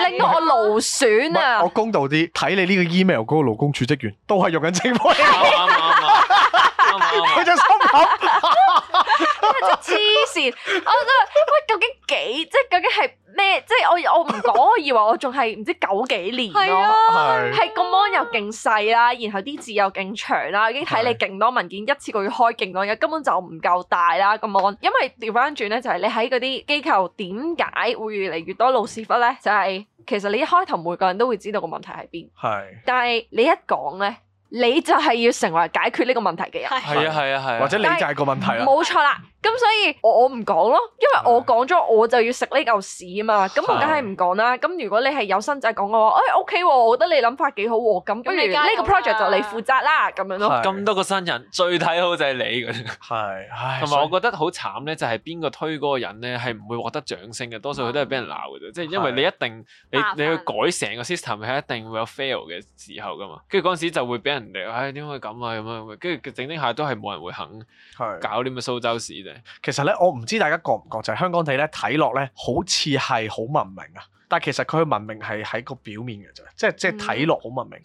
會令到我勞損啊！我公道啲，睇你呢個 email 嗰個勞工處職員都係用緊正方形。佢 就心口黐線， 我都喂究竟幾即係究竟係咩？即係我我唔講，我以為我仲係唔知九幾年咯，係、啊啊、個 mon 又勁細啦，然後啲字又勁長啦，已經睇你勁多文件是一次過要開勁多嘢，根本就唔夠大啦個 mon。因為調翻轉咧，就係、是、你喺嗰啲機構點解會越嚟越多老屎忽咧？就係、是、其實你一開頭每個人都會知道個問題喺邊，係是，但係你一講咧。你就係要成為解決呢個問題嘅人，係啊係啊係，啊啊或者你就係個問題，冇錯啦。咁所以我唔講咯，因為我講咗我就要食呢嚿屎啊嘛，咁我梗係唔講啦。咁如果你係有新仔講嘅話，哎，OK 喎，我覺得你諗法幾好喎，咁不如呢個 project 就你負責啦，咁樣咯。咁多個新人最睇好就係你嗰啲，係，同埋我覺得好慘咧，就係邊個推嗰個人咧係唔會獲得掌聲嘅，多數佢都係俾人鬧嘅啫。即係因為你一定你你去改成個 system 係一定會有 fail 嘅時候噶嘛，跟住嗰陣時就會俾人哋，哎點會咁啊咁樣，跟住整整下都係冇人會肯係搞呢個蘇州屎。其實咧，我唔知大家覺唔覺，就係、是、香港地咧睇落咧，好似係好文明啊。但係其實佢嘅文明係喺個表面嘅啫，即係即係睇落好文明。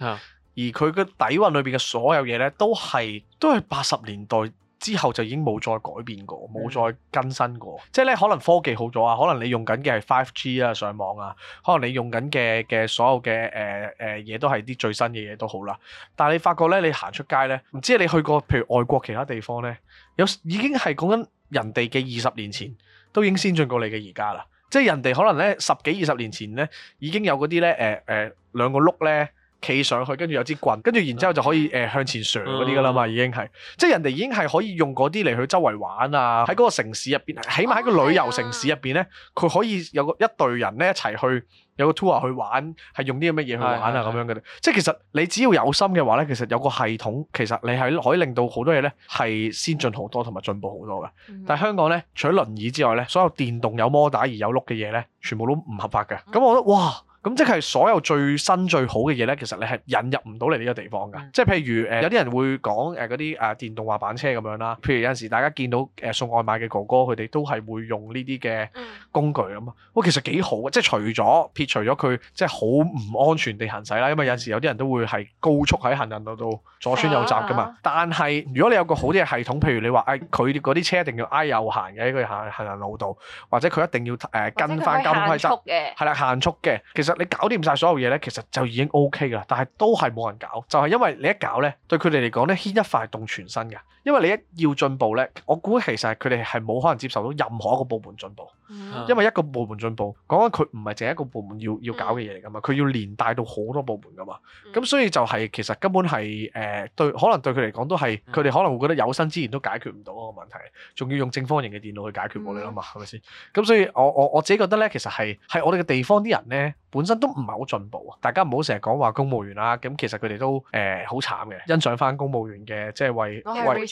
而佢嘅底蘊裏邊嘅所有嘢咧，都係都係八十年代之後就已經冇再改變過，冇、嗯、再更新過。即係咧，可能科技好咗啊，可能你用緊嘅係 5G 啊，上網啊，可能你用緊嘅嘅所有嘅誒誒嘢都係啲最新嘅嘢都好啦。但係你發覺咧，你行出街咧，唔知你去過譬如外國其他地方咧。有已經係講緊人哋嘅二十年前都已經先進過你嘅而家啦，即係人哋可能呢，十幾二十年前呢，已經有嗰啲呢誒誒兩個碌呢。企上去，跟住有支棍，跟住然之後就可以誒、呃、向前上嗰啲㗎啦嘛，已經係即係人哋已經係可以用嗰啲嚟去周圍玩啊，喺嗰、嗯、個城市入邊，起碼喺個旅遊城市入邊呢，佢、啊、可以有個一隊人呢一齊去有個 tour 去玩，係用啲乜嘢去玩啊咁、嗯、樣嘅、嗯、即係其實你只要有心嘅話呢，其實有個系統，其實你係可以令到好多嘢呢係先進好多同埋進步好多嘅。嗯、但係香港呢，除咗輪椅之外呢，所有電動有摩打而有轆嘅嘢呢，全部都唔合法嘅。咁、嗯、我覺得哇！咁即係所有最新最好嘅嘢咧，其實你係引入唔到嚟呢個地方㗎。即係譬如誒，有啲人會講誒嗰啲誒電動滑板車咁樣啦。譬如有陣時大家見到誒送外賣嘅哥哥佢哋都係會用呢啲嘅工具啊嘛。哇、嗯，其實幾好嘅，即係除咗撇除咗佢即係好唔安全地行駛啦，因為有時有啲人都會係高速喺行人路度左穿右閘㗎嘛。但係如果你有個好啲嘅系統，譬如你話誒，佢嗰啲車一定要挨右行嘅，喺佢行行人路度，或者佢一定要誒、呃、跟翻交通規則，係啦限速嘅。其實你搞掂曬所有嘢咧，其實就已經 O K 噶啦，但係都係冇人搞，就係、是、因為你一搞咧，對佢哋嚟講咧，牽一髮動全身嘅。因為你一要進步咧，我估其實佢哋係冇可能接受到任何一個部門進步，嗯、因為一個部門進步，講緊佢唔係淨係一個部門要要搞嘅嘢嚟噶嘛，佢要連帶到好多部門噶嘛，咁所以就係其實根本係誒、呃、對，可能對佢嚟講都係，佢哋可能會覺得有生之年都解決唔到嗰個問題，仲要用正方形嘅電腦去解決我哋啊嘛，係咪先？咁所以我我我自己覺得咧，其實係係我哋嘅地方啲人咧，本身都唔係好進步啊，大家唔好成日講話公務員啦，咁其實佢哋都誒好、呃、慘嘅，欣賞翻公務員嘅即係為為。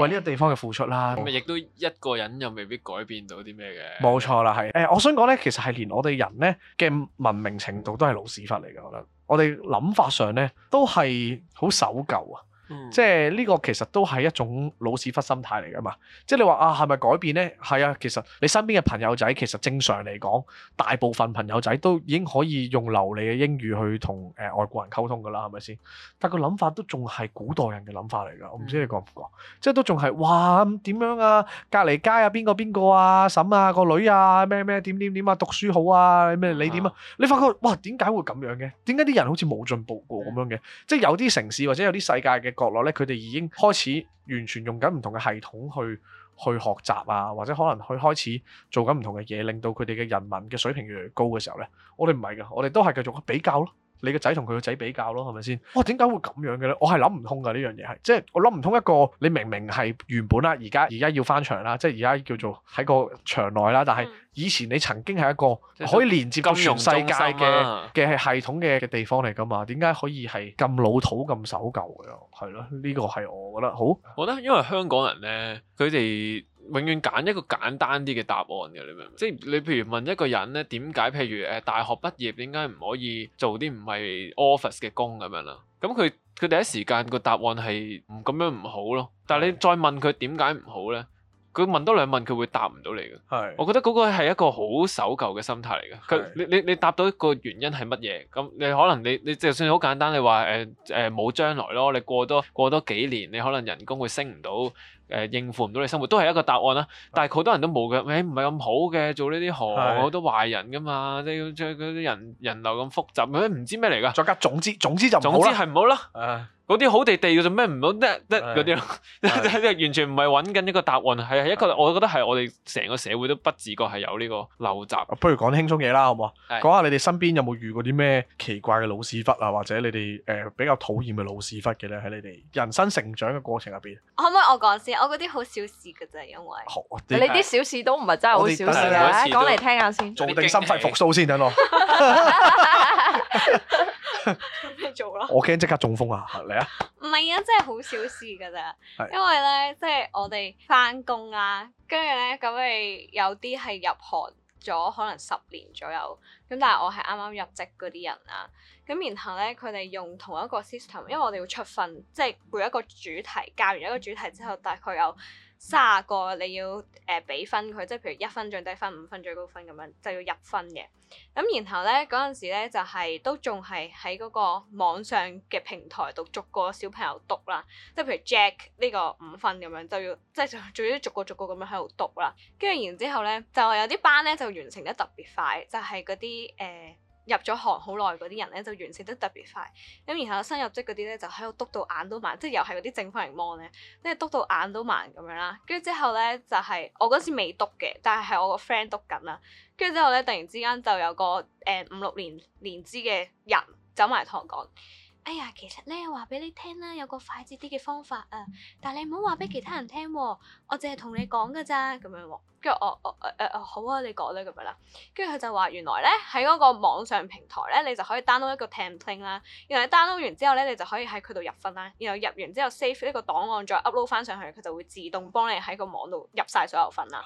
為呢個地方嘅付出啦，咁啊亦都一個人又未必改變到啲咩嘅。冇錯啦，係誒、呃，我想講咧，其實係連我哋人咧嘅文明程度都係老屎忽嚟嘅，我覺得。我哋諗法上咧都係好守舊啊。嗯、即係呢個其實都係一種老屎忽心態嚟噶嘛！即係你話啊，係咪改變呢？係啊，其實你身邊嘅朋友仔其實正常嚟講，大部分朋友仔都已經可以用流利嘅英語去同誒、呃、外國人溝通噶啦，係咪先？但個諗法都仲係古代人嘅諗法嚟噶，我唔知你覺唔覺？嗯、即係都仲係哇咁點樣啊？隔離街啊，邊個邊個啊？嬸啊，個女啊，咩咩點點點啊？讀書好啊？咩你點啊？嗯、你發覺哇，點解會咁樣嘅？點解啲人好似冇進步過咁樣嘅？即係是 有啲城市或者有啲世界嘅。國內咧，佢哋已經開始完全用緊唔同嘅系統去去學習啊，或者可能去開始做緊唔同嘅嘢，令到佢哋嘅人民嘅水平越來越高嘅時候咧，我哋唔係噶，我哋都係繼續去比較咯。你個仔同佢個仔比較咯，係咪先？哇、哦，點解會咁樣嘅咧？我係諗唔通㗎。呢樣嘢係，即係我諗唔通一個你明明係原本啦，而家而家要翻牆啦，即係而家叫做喺個牆內啦，但係以前你曾經係一個可以連接到全世界嘅嘅系統嘅嘅地方嚟㗎嘛？點解、啊、可以係咁老土咁守舊嘅？係咯，呢個係我覺得好。我覺得因為香港人咧，佢哋。永遠揀一個簡單啲嘅答案嘅，你明唔明？即係你譬如問一個人咧，點解譬如誒大學畢業點解唔可以做啲唔係 office 嘅工咁樣啦？咁佢佢第一時間個答案係唔咁樣唔好咯。但係你再問佢點解唔好咧？佢問多兩問，佢會答唔到你嘅。係，是的 我覺得嗰個係一個好守舊嘅心態嚟嘅。佢是的 你你你答到一個原因係乜嘢？咁你可能你你就算好簡單，你話誒誒冇將來咯。你過多過多幾年，你可能人工會升唔到，誒、呃、應付唔到你生活，都係一個答案啦。但係好多人都冇嘅，誒唔係咁好嘅，做呢啲行好是的 多壞人㗎嘛。即係嗰啲人人流咁複雜，唔知咩嚟㗎？再加總之總之就總之係唔好啦。嗰啲好地地嘅做咩唔好？即嗰啲，完全唔係揾緊一個答案，係一個我覺得係我哋成個社會都不自覺係有呢個陋習。不如講輕鬆嘢啦，好唔好？講下你哋身邊有冇遇過啲咩奇怪嘅老屎忽啊，或者你哋誒比較討厭嘅老屎忽嘅咧？喺你哋人生成長嘅過程入邊，可唔可以我講先？我嗰啲好小事嘅啫，因為你啲小事都唔係真係好小事啦，講嚟聽下先。做定心肺復甦先等我。做咩做啦？我驚即刻中風啊！嚟。唔係啊，真係好小事噶咋。的因為咧即係我哋翻工啦，跟住咧咁你有啲係入行咗可能十年左右，咁但係我係啱啱入職嗰啲人啦，咁然後咧佢哋用同一個 system，因為我哋要出訓，即係每一個主題教完一個主題之後，大概有。卅個你要誒俾、呃、分佢，即係譬如一分最低分，五分最高分咁樣，就要入分嘅。咁然後咧嗰陣時咧就係、是、都仲係喺嗰個網上嘅平台度逐個小朋友讀啦，即係譬如 Jack 呢個五分咁樣，就要即係仲要逐個逐個咁樣喺度讀啦。跟住然之後咧，就有啲班咧就完成得特別快，就係嗰啲誒。呃入咗行好耐嗰啲人咧就完成得特別快，咁然後新入職嗰啲咧就喺度篤到眼都盲，即係又係嗰啲正方形 mon 咧，跟住篤到眼都盲咁樣啦。跟住之後咧就係、是、我嗰時未篤嘅，但係係我個 friend 篤緊啦。跟住之後咧突然之間就有個誒五六年年資嘅人走埋同我講。哎呀，其實咧話俾你聽啦，有個快捷啲嘅方法啊，但係你唔好話俾其他人聽、啊、喎，我淨係同你講噶咋咁樣喎、啊。跟住我我誒誒，好啊，你講啦咁樣啦、啊。跟住佢就話原來咧喺嗰個網上平台咧，你就可以 download 一個 template 啦。然後 download 完之後咧，你就可以喺佢度入分啦。然後入完之後 save 呢個檔案再 upload 翻上去，佢就會自動幫你喺個網度入晒所有分啦。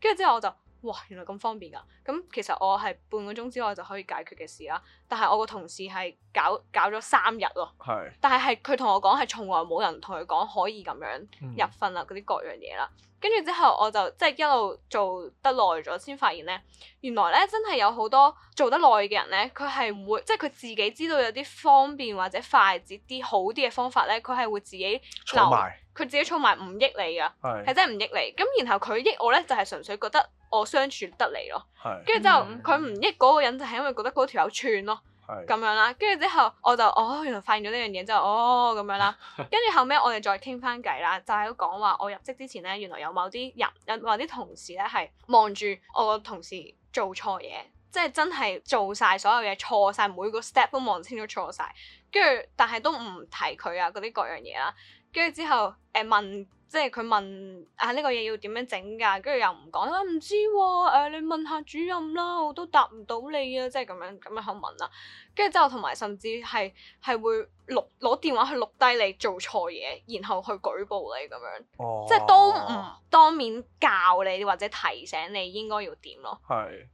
跟住係之後我就。哇！原來咁方便噶、啊，咁其實我係半個鐘之內就可以解決嘅事啦。但係我個同事係搞搞咗三日咯，是但係係佢同我講係從來冇人同佢講可以咁樣入瞓啦，嗰啲、嗯、各樣嘢啦。跟住之後我就即係、就是、一路做得耐咗，先發現呢，原來呢真係有好多做得耐嘅人呢，佢係會即係佢自己知道有啲方便或者快捷啲好啲嘅方法呢，佢係會自己儲埋佢自己儲埋唔益你噶，係是真係唔益你。咁然後佢益我呢，就係、是、純粹覺得。我相處得嚟咯，跟住之後佢唔益嗰個人就係因為覺得嗰條友串咯，咁是樣啦。跟住之後我就哦，原來發現咗呢、哦、樣嘢之後哦咁樣啦。跟住後尾， 我哋再傾翻偈啦，就喺度講話我入職之前呢，原來有某啲人有某啲同事呢，係望住我個同事做錯嘢，即係真係做晒所有嘢，錯晒每個 step 都望清楚錯晒。跟住但係都唔提佢啊嗰啲各樣嘢啦。跟住之後誒問。即係佢問啊呢、這個嘢要點樣整㗎？跟住又唔講，唔、啊、知喎、啊。誒、呃，你問下主任啦、啊，我都答唔到你啊！即係咁樣咁樣口吻啦、啊。跟住之後，同埋甚至係係會錄攞電話去錄低你做錯嘢，然後去舉報你咁樣，哦、即係都唔當面教你或者提醒你應該要點咯。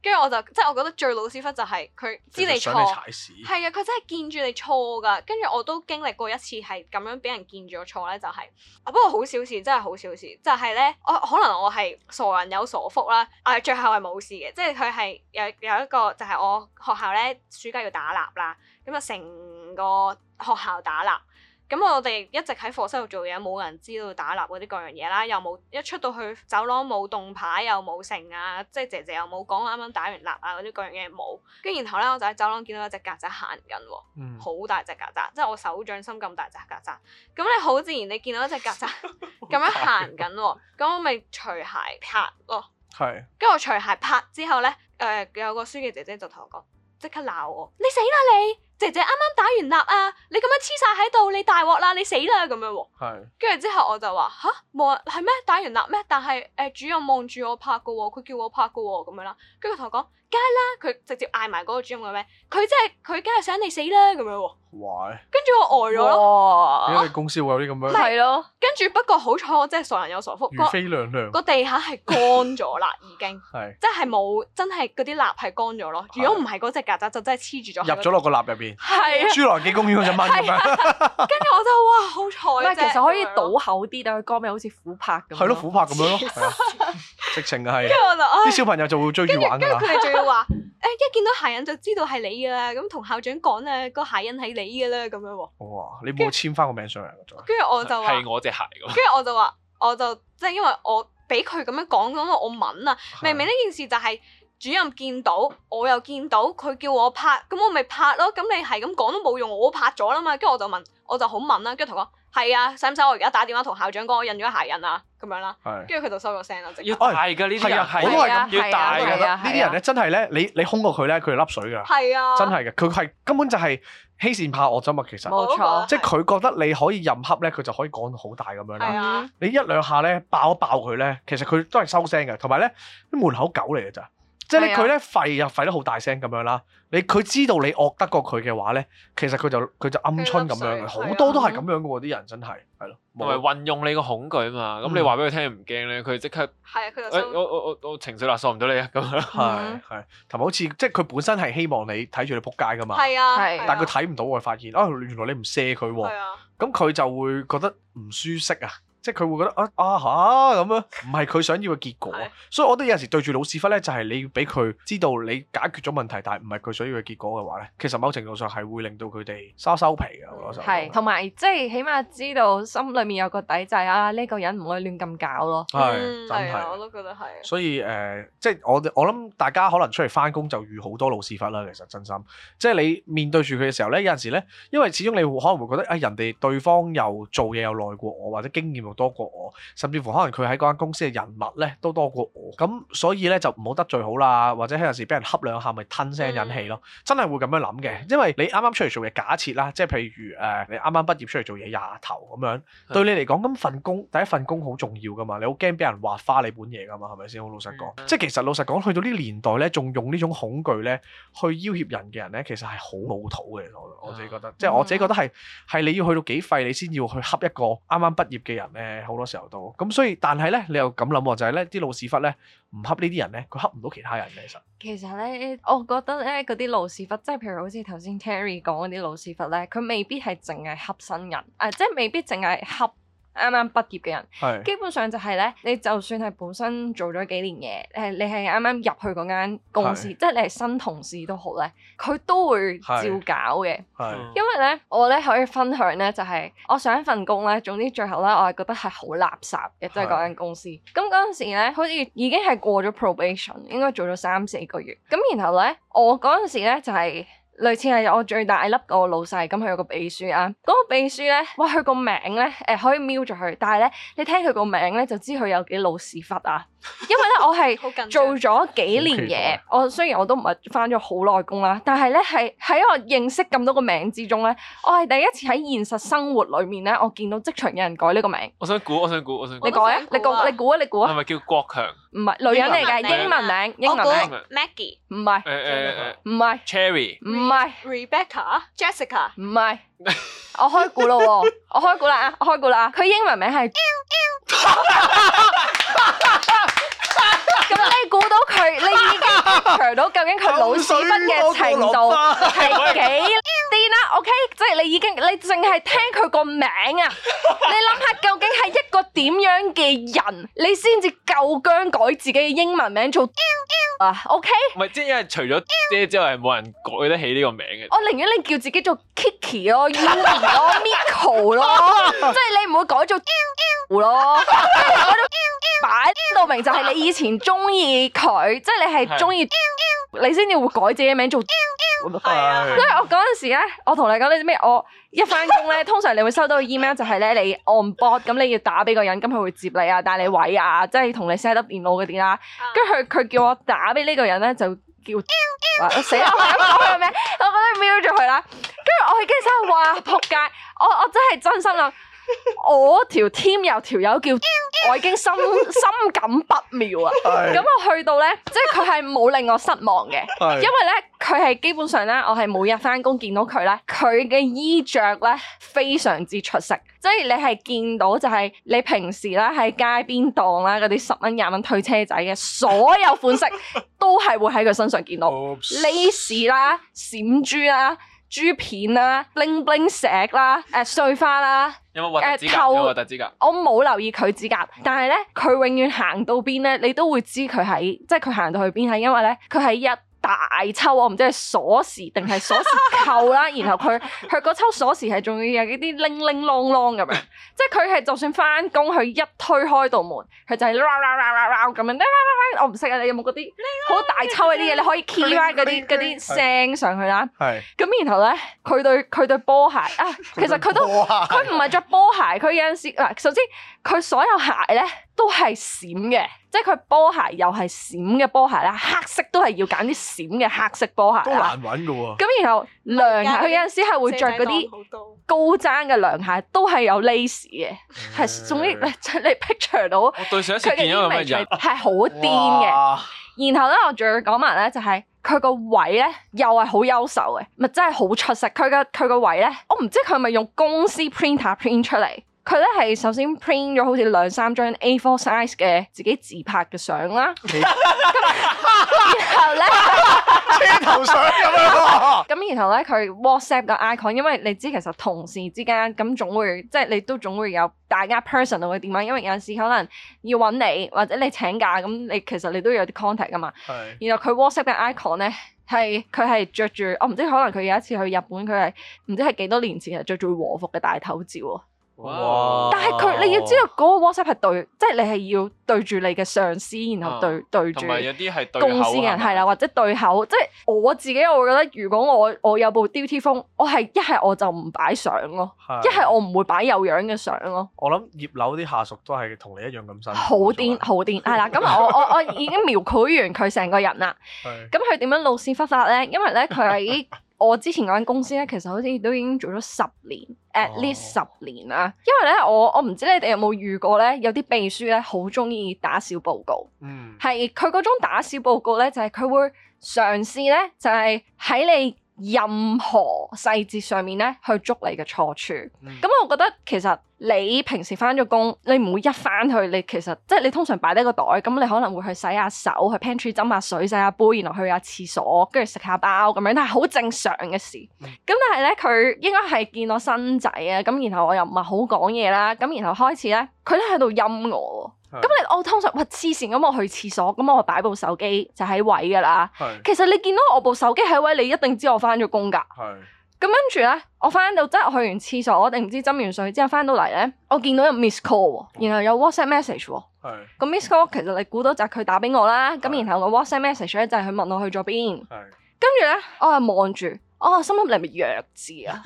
跟住是我就即係我覺得最老屎忽就係佢知你錯。你踩屎係啊，佢真係見住你錯㗎。跟住我都經歷過一次係咁樣俾人見咗錯咧，就係、是、啊不過好小事，真係好小事。就係、是、咧，我可能我係傻人有傻福啦。啊，最後係冇事嘅，即係佢係有有一個就係我學校咧暑假要打蠟。啦，咁就成個學校打蠟，咁我哋一直喺課室度做嘢，冇人知道打蠟嗰啲各樣嘢啦，又冇一出到去走廊冇動牌，又冇剩啊，即係姐姐又冇講，啱啱打完蠟啊嗰啲各樣嘢冇，跟住然後咧我就喺走廊見到一隻曱甴行緊喎，好、嗯、大隻曱甴，即係我手掌心咁大隻曱甴。咁你好自然你見到一隻曱甴咁樣行緊，咁 了我咪除鞋拍咯，係是，跟住我除鞋拍之後咧，誒、呃、有個書記姐姐，姐，姐就同我講。即刻鬧我！你死啦你！姐姐啱啱打完蠟啊！你咁樣黐晒喺度，你大鑊啦！你死啦咁樣喎！跟住是 之後我就話吓？冇啊，係咩？打完蠟咩？但係誒、呃、主任望住我拍嘅喎、哦，佢叫我拍嘅喎、哦，咁樣啦。跟住佢同我講。梗啦，佢直接嗌埋嗰個 Him 嘅咩？佢真係佢梗係想你死啦咁樣喎。跟住我呆咗咯。哇！咁你公司會有啲咁樣？係咯。跟住不過好彩，我真係傻人有傻福。如飛兩兩。個地下係乾咗啦，已經。係。即係冇真係嗰啲蠟係乾咗咯。如果唔係嗰隻曱甴，就真係黐住咗。入咗落個蠟入邊。係啊。侏羅紀公園嗰隻蚊咁樣。跟住我覺得哇，好彩其實可以倒口啲，但佢乾咪好似琥珀咁。係咯，琥珀咁樣咯。直情係。跟住我落啲小朋友就會追住玩。話誒、欸，一見到鞋印就知道係你噶啦，咁同校長講啦，個、啊、鞋印係你噶啦，咁樣喎。哇！你冇簽翻個名上嚟嗰種。跟住後後我就話係我隻鞋。跟住我就話，我就即係因為我俾佢咁樣講咁，我問啊，明明呢的件事就係、是。主任見到，我又見到，佢叫我拍，咁我咪拍咯。咁你係咁講都冇用，我拍咗啦嘛。跟住我就問，我就好問啦。跟住同佢講：係啊，使唔使我而家打電話同校長講我印咗鞋印啊？咁樣啦。跟住佢就收咗聲啦。要大㗎呢啲人，係啊係啊，越大㗎。呢啲、啊啊、人咧真係咧，你你兇過佢咧，佢就甩水㗎。係啊，真係嘅，佢係根本就係欺善怕惡啫嘛。其實冇錯，即係佢覺得你可以任恰咧，佢就可以講到好大咁樣啦。啊、你一兩下咧爆一爆佢咧，其實佢都係收聲嘅。同埋咧，啲門口狗嚟㗎咋。即係咧，佢咧吠啊吠得好大聲咁樣啦。你佢知道你惡得過佢嘅話咧，其實佢就佢就鵪鶉咁樣嘅。好多都係咁樣嘅喎，啲人真係。係咯，同埋運用你個恐懼啊嘛。咁你話俾佢聽唔驚咧，佢即刻。係啊，佢就。誒，我我我我情緒勒索唔到你啊，咁樣。係係，同埋好似即係佢本身係希望你睇住你仆街噶嘛。係啊。但係佢睇唔到，發現啊，原來你唔射佢喎。係啊。咁佢就會覺得唔舒適啊。即係佢會覺得啊啊吓咁、啊、樣，唔係佢想要嘅結果，的所以我覺得有陣時對住老屎忽咧，就係、是、你要俾佢知道你解決咗問題，但係唔係佢想要嘅結果嘅話咧，其實某程度上係會令到佢哋收收皮嘅。嗯、我覺得係，同埋即係起碼知道心裡面有個底制啊，呢、這個人唔可以亂咁搞咯。係、嗯，真係、嗯、我都覺得係。所以誒、呃，即係我我諗大家可能出嚟返工就遇好多老屎忽啦。其實真心，即係你面對住佢嘅時候咧，有陣時咧，因為始終你可能會覺得啊、哎，人哋對方又做嘢又耐過我，或者經驗，多過我，甚至乎可能佢喺嗰間公司嘅人物咧都多過我，咁所以咧就唔好得罪好啦，或者有時俾人恰兩下咪吞聲忍氣咯，mm. 真係會咁樣諗嘅，因為你啱啱出嚟做嘢假設啦，即係譬如誒、呃、你啱啱畢業出嚟做嘢廿頭咁樣，mm. 對你嚟講咁份工第一份工好重要噶嘛，你好驚俾人畫花你本嘢噶嘛，係咪先？好老實講，mm. 即係其實老實講去到呢年代咧，仲用呢種恐懼咧去要挾人嘅人咧，其實係好老土嘅，mm. 我自己覺得，mm. 即係我自己覺得係係你要去到幾廢你先要去恰一個啱啱畢業嘅人咧。誒好多時候都咁，所以但係咧，你又咁諗喎，就係咧啲老屎忽咧唔恰呢啲人咧，佢恰唔到其他人咧，其實其實咧，我覺得咧嗰啲老屎忽，即係譬如好似頭先 Terri 講嗰啲老屎忽咧，佢未必係淨係恰新人，誒、呃，即係未必淨係恰。啱啱畢業嘅人，是基本上就係咧，你就算係本身做咗幾年嘢，誒，你係啱啱入去嗰間公司，是即係你係新同事都好咧，佢都會照搞嘅。因為咧，我咧可以分享咧，就係、是、我上一份工咧，總之最後咧，我係覺得係好垃圾嘅，即係嗰間公司。咁嗰陣時咧，好似已經係過咗 probation，應該做咗三四個月。咁然後咧，我嗰陣時咧就係、是。類似係我最大粒個老細咁，佢有個秘書啊。嗰個秘書咧，哇佢個名咧，誒可以瞄住佢，但係咧，你聽佢個名咧就知佢有幾老屎忽啊！因為咧，我係做咗幾年嘢，我雖然我都唔係返咗好耐工啦，但係咧係喺我認識咁多個名之中咧，我係第一次喺現實生活裏面咧，我見到職場有人改呢個名。我想估，我想估，我想估。你改啊！你估！你估啊！你估啊！係咪叫國強？唔係女人嚟嘅，英文名，英文名。Maggie 唔係，唔係，Cherry 唔係，Rebecca、Jessica 唔係。我開估咯喎，我開估啦啊，我開估啦。佢英文名係。咁你估到佢，你已經揭長到究竟佢老屎忽嘅程度係幾癲啦？OK，即係你已經，你淨係聽佢個名啊！你諗下究竟係一個點樣嘅人，你先至夠姜改自己嘅英文名做啊？OK，唔係即係因為除咗爹之外冇人改得起呢個名嘅。我寧願你叫自己做 Kiki 咯，Umi 咯，Michael 咯，即係你唔會改做胡咯，改到擺到明就係你意。以前中意佢，即係你係中意你先至會改自己名做，係啊。所以我嗰陣時咧，我同你講啲咩？我一翻工，咧， 通常你會收到個 email 就係咧，你 onboard 咁你要打俾個人，咁佢會接你啊，帶你位啊，即係同你 set 得電腦嗰啲啦。跟住佢佢叫我打俾呢個人咧，就叫，死啦！咁改個名，我覺得瞄咗佢啦。跟住 我已經心話扑街，我我真係真心諗。 我條 team，有條友叫，我已經心 心感不妙啊！咁 我去到咧，即係佢係冇令我失望嘅， 因為咧佢係基本上咧，我係每日翻工見到佢咧，佢嘅衣着咧非常之出色，即係你係見到就係你平時咧喺街邊檔啦嗰啲十蚊廿蚊推車仔嘅所有款式，都係會喺佢身上見到 ，lace 啦，閃珠啦。珠片啦、啊，blingbling 石啦、啊，誒、呃、碎花啦、啊，誒扣、 呃， 我冇留意佢指甲，但係咧佢永遠行到邊咧，你都會知佢喺，即係佢行到去邊係因為咧佢喺一大抽，我唔知係鎖匙定係鎖匙扣啦。 然後佢佢嗰抽鎖匙係仲要有啲鈴鈴啷啷咁樣， 即係佢係就算返工，佢一推開度門，佢就係啦啦啦啦啦咁樣我唔識啊！你有冇嗰啲好大抽嗰啲嘢？ 你可以 key 翻嗰啲啲聲上去啦。係咁 是，然後咧，佢對佢對，對波鞋啊，其實佢都佢唔係着波鞋，佢有陣時嗱，首先佢所有鞋咧。都係閃嘅，即係佢波鞋又係閃嘅波鞋啦，黑色都係要揀啲閃嘅黑色波鞋啦。都難搵噶喎。咁然後涼鞋佢有陣時係會着嗰啲高踭嘅涼鞋，都係有 lace 嘅，係總之你 picture 到。我對上一次見咗冇咩着。係好癲嘅。哇然後咧，我仲要講埋咧，就係佢個位咧，又係好優秀嘅，咪真係好出色。佢個佢個位咧，我唔知佢係咪用公司 printer print 出嚟。佢咧係首先 print 咗好似兩三張 A4 size 嘅自己自拍嘅相啦，Okay. 然後咧，車頭相咁樣。咁然後咧，佢 WhatsApp 個 icon，因為你知其實同事之間咁總會，即係你都總會有大家 personal 嘅電話，因為有陣時可能要揾你或者你請假，咁你其實你都要有啲 contact 噶嘛。係是。然後佢 WhatsApp 嘅 icon 咧，係佢係着住我唔知可能佢有一次去日本，佢係唔知係幾多年前係着住和服嘅大頭照。哇！但係佢你要知道嗰個 WhatsApp 係對，即係你係要對住你嘅上司，然後對對住有啲係公司嘅人，係啦，或者對口。即係我自己，我會覺得如果我我有部 Duty phone，我係一係我就唔擺相咯，一係我唔會擺有樣嘅相咯。我諗葉劉啲下屬都係同你一樣咁辛苦，好癲好癲係啦。咁我我我已經描繪完佢成個人啦。咁佢點樣老屎忽法咧？因為咧佢喺。我之前嗰間公司咧，其實好似都已經做咗十年，at least、oh. 十年啦。因為咧，我我唔知你哋有冇遇過咧，有啲秘書咧，好鍾意打小報告。嗯、mm.，係佢嗰種打小報告咧，就係、是、佢會嘗試咧，就係、是、喺你任何細節上面咧去捉你嘅錯處。咁、mm. 嗯、我覺得其實。你平時返咗工，你唔會一返去，你其實即係你通常擺低個袋，咁你可能會去洗下手，去 pantry 斟下水，洗下杯，然後去下廁所，跟住食下包咁樣，但係好正常嘅事。咁、嗯、但係咧，佢應該係見到新仔啊，咁然後我又唔係好講嘢啦，咁然後開始咧，佢咧喺度陰我。咁是的 你我、哦、通常喂，黐線咁我去廁所，咁我擺部手機就喺位㗎啦。是的 其實你見到我部手機喺位，你一定知我返咗工㗎。咁跟住咧，我返到即係去完廁所，我定唔知斟完水之後返到嚟咧，我見到有 miss call，然後有 WhatsApp message。係是。咁 miss call 其實你估到就係佢打畀我啦，咁是然後個 WhatsApp message 咧就係佢問我去咗邊。是跟住咧，我係望住。哦，心諗你咪弱智啊！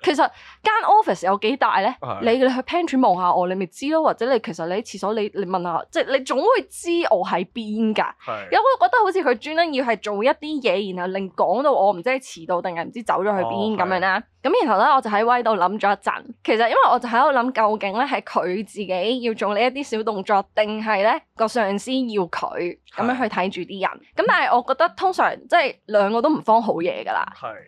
其實間 office 有幾大咧？你你去 pantry 望下我，你咪知咯。或者你其實你喺廁所，你你問下，即係你總會知我喺邊㗎。有冇覺得好似佢專登要係做一啲嘢，然後令講到我唔知係遲到定係唔知走咗去邊咁樣啦？咁然後咧我就喺威度諗咗一陣。其實因為我就喺度諗，究竟咧係佢自己要做呢一啲小動作，定係咧個上司要佢咁樣去睇住啲人？咁但係我覺得通常即係兩個都唔方好嘢㗎啦。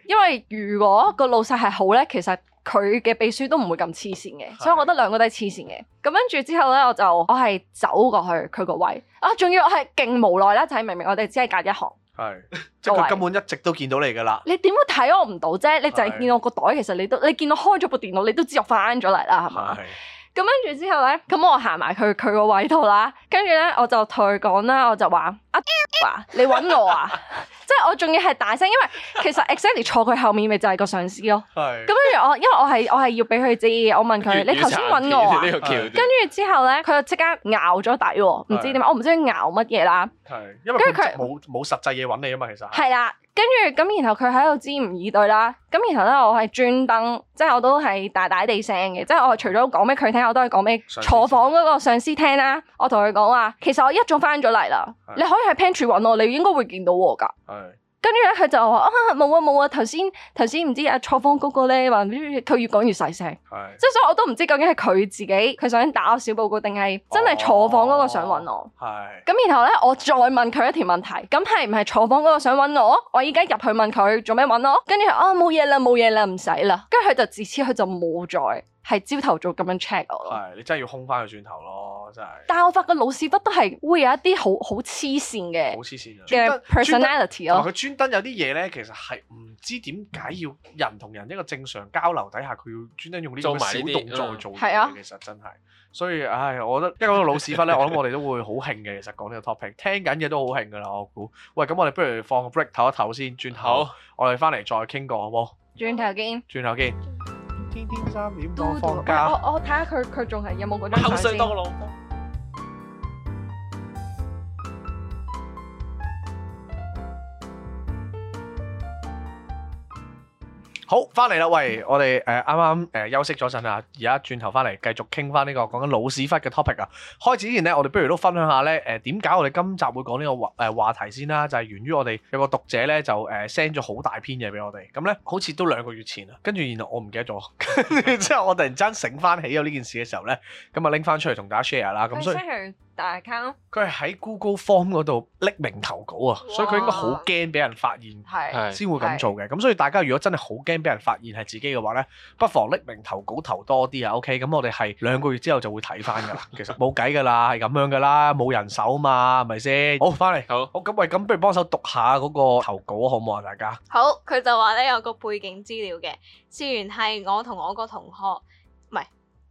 因為如果個老細係好咧，其實佢嘅秘書都唔會咁黐線嘅，是所以我覺得兩個都係黐線嘅。咁跟住之後咧，我就我係走過去佢個位，啊，仲要我係勁無奈啦，就係、是、明明我哋只係隔一行，係是， 即係佢根本一直都見到你噶啦。你點會睇我唔到啫？你就係見我個袋，其實你都你見我開咗部電腦，你都知我翻咗嚟啦，係咪？咁跟住之後咧，咁我行埋佢佢個位度啦。跟住咧，我就同佢講啦，我就話：阿爸，你搵我啊！ 即係我仲要係大聲，因為其實 exactly 坐佢後面咪就係個上司咯。係。咁跟住我，因為我係我係要俾佢知，我問佢月月 你頭先搵我、啊。跟住之後咧，佢就即刻拗咗底喎，唔知點解， 我唔知佢拗乜嘢啦。係。因為佢冇冇實際嘢搵你啊嘛，其實的。係啦。跟住咁，然後佢喺度支吾以對啦。咁然後咧，我係專登，即係我都係大大地聲嘅，即係我除咗講俾佢聽，我都係講俾坐房嗰個上司聽啦。我同佢講話，其實我一早返咗嚟啦，的你可以喺 Pantry 揾我，你應該會見到我㗎。跟住，啊啊啊啊、呢，佢就話啊冇啊冇啊，頭先頭先唔知阿坐房嗰個咧，佢越講越細聲，即係是所以我都唔知道究竟係佢自己，佢想打我小報告，定係真係坐房嗰個想搵我？咁，哦、然後呢，我再問佢一條問題，咁係唔係坐房嗰個想搵我？我而家入去問佢做咩搵我？他說」跟住啊冇嘢啦，冇嘢啦，唔使啦，跟住佢就自此佢就冇再。係朝頭早咁樣 check 我咯，係你真係要空翻佢轉頭咯，真係。但係我發覺老屎忽都係會有一啲好好黐線嘅，好黐線嘅 personality 咯。佢專登有啲嘢咧，其實係唔知點解要人同人一個正常交流底下，佢要專登用呢個小動作去做嘅。係啊，其實真係。所以唉，我覺得一講到老屎忽咧，我諗我哋都會好興嘅。其實講呢個 topic，聽緊嘢都好興噶啦。我估喂，咁我哋不如放個 break，唞一唞先，轉頭我哋翻嚟再傾過好冇？轉頭見。轉頭見。天天三點半都放假，啊。我我睇下佢佢仲係有冇嗰張牌先。好，翻嚟啦，喂，我哋誒啱啱誒休息咗陣啊，而家轉頭翻嚟繼續傾翻呢個講緊老屎忽嘅 topic 啊。開始之前咧，我哋不如都分享下咧，誒點解我哋今集會講呢個話誒話題先啦，就係源於我哋有個讀者咧就誒 send 咗好大篇嘢俾我哋，咁咧好似都兩個月前啊，跟住然後我唔記得咗，跟住之後我突然間醒翻起咗呢件事嘅時候咧，咁啊拎翻出嚟同大家 share 啦，咁所以。大家佢係喺 Google Form 嗰度匿名投稿啊，哇所以佢應該好驚俾人發現是，先會咁做嘅。咁是所以大家如果真係好驚俾人發現係自己嘅話呢，不妨匿名投稿投多啲啊。OK，咁我哋係兩個月之後就會睇翻噶啦。 其實冇計噶啦，係咁樣噶啦，冇人手啊嘛，係咪先？好，翻嚟，好，咁咪咁不如幫手讀下嗰個投稿好唔好啊？大家好，佢就話呢有個背景資料嘅，事源係我同我個同學。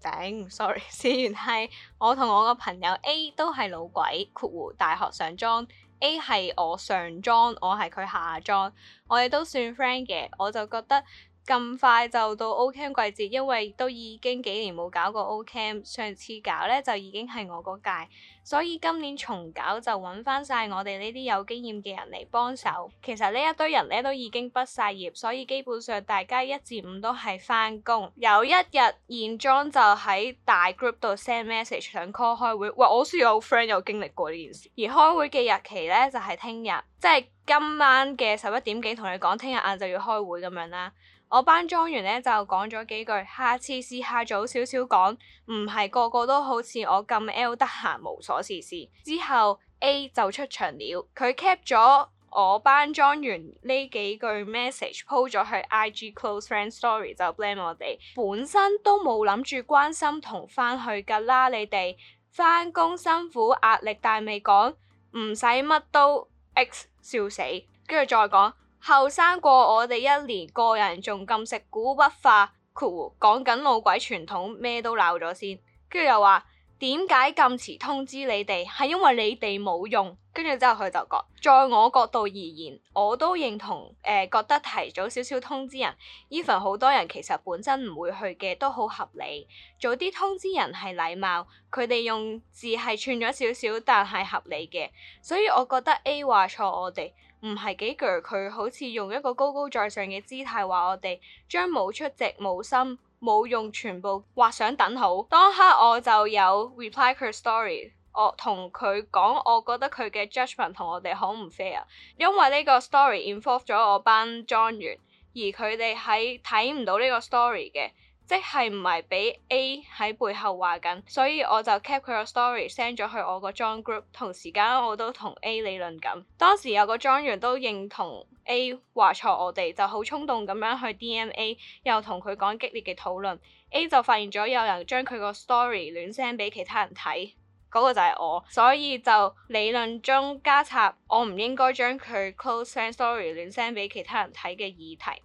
頂 ，sorry，事緣係我同我個朋友 A 都係老鬼，括弧大學上莊，A 係我上莊，我係佢下莊，我哋都算 friend 嘅，我就覺得。咁快就到 O Camp 季節，因為都已經幾年冇搞過 O Camp，上次搞呢就已經係我嗰屆，所以今年重搞就揾翻晒我哋呢啲有經驗嘅人嚟幫手。其實呢一堆人呢都已經畢曬業，所以基本上大家一至五都係翻工。有一日現莊就喺大 group 度 send message 上 call 開會，喂，我好似有 friend 有經歷過呢件事。而開會嘅日期呢就係聽日，即係今晚嘅十一點幾同你講，聽日晏就要開會咁樣啦。我班莊員呢，就講咗幾句，下次試下早少少講，唔係個個都好似我咁 L 得閒無所事事。之後 A 就出場了，佢 kept 咗我班莊員呢幾句 message，po 咗去 IG close friend story 就 blame 我哋。本身都冇諗住關心同翻去㗎啦，你哋翻工辛苦壓力大未講，唔使乜都 X 笑死，跟住再講。後生過我哋一年，個人仲咁食古不化，括弧講緊老鬼傳統咩都鬧咗先，跟住又話點解咁遲通知你哋，係因為你哋冇用。跟住之後佢就覺，在我角度而言，我都認同，誒、呃，覺得提早少少通知人，even 好多人其實本身唔會去嘅都好合理，早啲通知人係禮貌，佢哋用字係串咗少少，但係合理嘅，所以我覺得 A 話錯我哋。唔係幾鋸佢，好似用一個高高在上嘅姿態話我哋將冇出席、冇心、冇用，全部畫上等號。當刻我就有 reply 佢 story，我同佢講，我覺得佢嘅 judgment 同我哋好唔 fair，因為呢個 story inform 咗我班莊員，而佢哋喺睇唔到呢個 story 嘅。即係唔係俾 A 喺背後話緊，所以我就 cap 佢個 story send 咗去我個莊 group，同時間我都同 A 理論緊。當時有個莊員都認同 A 話錯我，我哋就好衝動咁樣去 D.M.A，又同佢講激烈嘅討論。A 就發現咗有人將佢個 story 亂 send 俾其他人睇，嗰、嗰個就係我，所以就理論中加插我唔應該將佢 close friend story 亂 send 俾其他人睇嘅議題。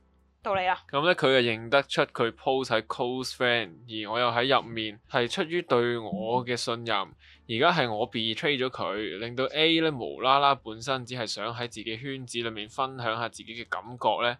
咁咧，佢又、嗯、認得出佢 post 喺 close friend，而我又喺入面，係出於對我嘅信任。而家係我 betray 咗佢，令到 A 咧無啦啦，本身只係想喺自己圈子裏面分享下自己嘅感覺咧，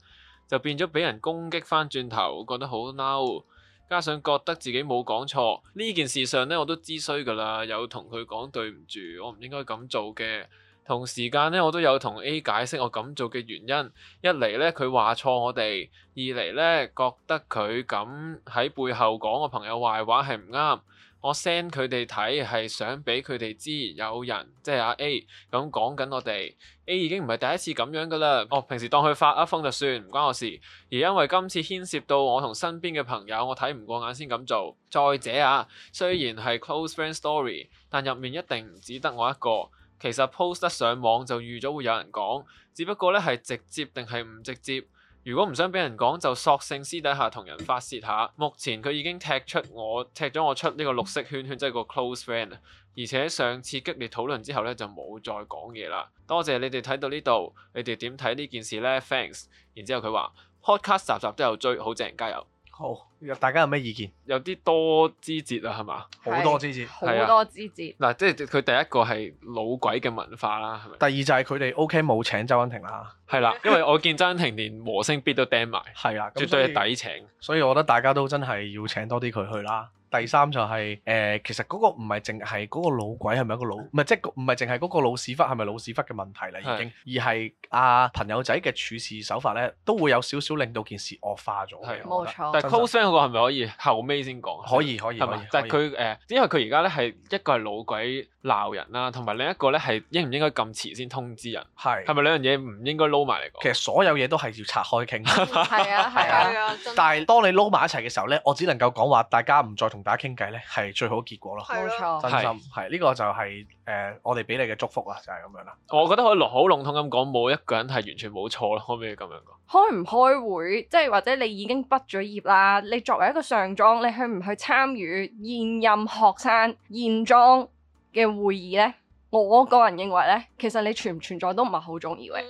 就變咗俾人攻擊翻轉頭，覺得好嬲，加上覺得自己冇講錯。呢件事上咧，我都知衰噶啦，有同佢講對唔住，我唔應該咁做嘅。同時間咧，我都有同 A 解釋我咁做嘅原因。一嚟咧，佢話錯我哋；二嚟咧，覺得佢咁喺背後講我朋友壞話係唔啱。我 send 佢哋睇係想俾佢哋知有人即係阿 A 咁講緊我哋。A 已經唔係第一次咁樣㗎喇。哦，平時當佢發一封就算，唔關我事。而因為今次牽涉到我同身邊嘅朋友，我睇唔過眼先咁做。再者啊，雖然係 close friend story，但入面一定唔只得我一個。其實 post 得上網就預咗會有人講，只不過咧係直接定係唔直接。如果唔想俾人講，就索性私底下同人發泄下。目前佢已經踢出我，踢咗我出呢個綠色圈圈，即係個 close friend，而且上次激烈討論之後咧，就冇再講嘢啦。多謝你哋睇到呢度，你哋點睇呢件事咧？Thanks。然之後佢話 podcast 集集都有追，好正，加油！好，大家有咩意見？有啲多枝節，是多節啊，係嘛？好多枝節，好多枝節。嗱，即係佢第一個係老鬼嘅文化啦，係咪？第二就係佢哋 O.K. 冇請周欣婷啦，係啦、啊，因為我見周欣婷連和聲 bit 都釘埋，係 啊，嗯、絕對係抵請，所以我覺得大家都真係要請多啲佢去啦。第三就係誒，其實嗰個唔係淨係嗰個老鬼係咪一個老，唔係即係唔係淨係嗰個老屎忽係咪老屎忽嘅問題啦已經，而係阿朋友仔嘅處事手法咧，都會有少少令到件事惡化咗嘅。冇錯。但係 close friend 嗰個係咪可以後尾先講？可以可以。係咪？但係佢誒，因為佢而家咧係一個係老鬼鬧人啦，同埋另一個咧係應唔應該咁遲先通知人？係。係咪兩樣嘢唔應該撈埋嚟講？其實所有嘢都係要拆開傾。係啊係啊。但係當你撈埋一齊嘅時候咧，我只能夠講話大家唔再同。大家傾偈咧，係最好結果咯。冇錯，真心，係呢個就係誒我哋俾你嘅祝福啦，就係咁樣啦。我覺得可以好好籠統咁講，冇一個人係完全冇錯咯。可唔可以咁樣講？開唔開會，即係或者你已經畢咗業啦？你作為一個上莊，你去唔去參與現任學生現莊嘅會議呢？我個人認為咧，其實你存唔存在都唔係好重要嘅，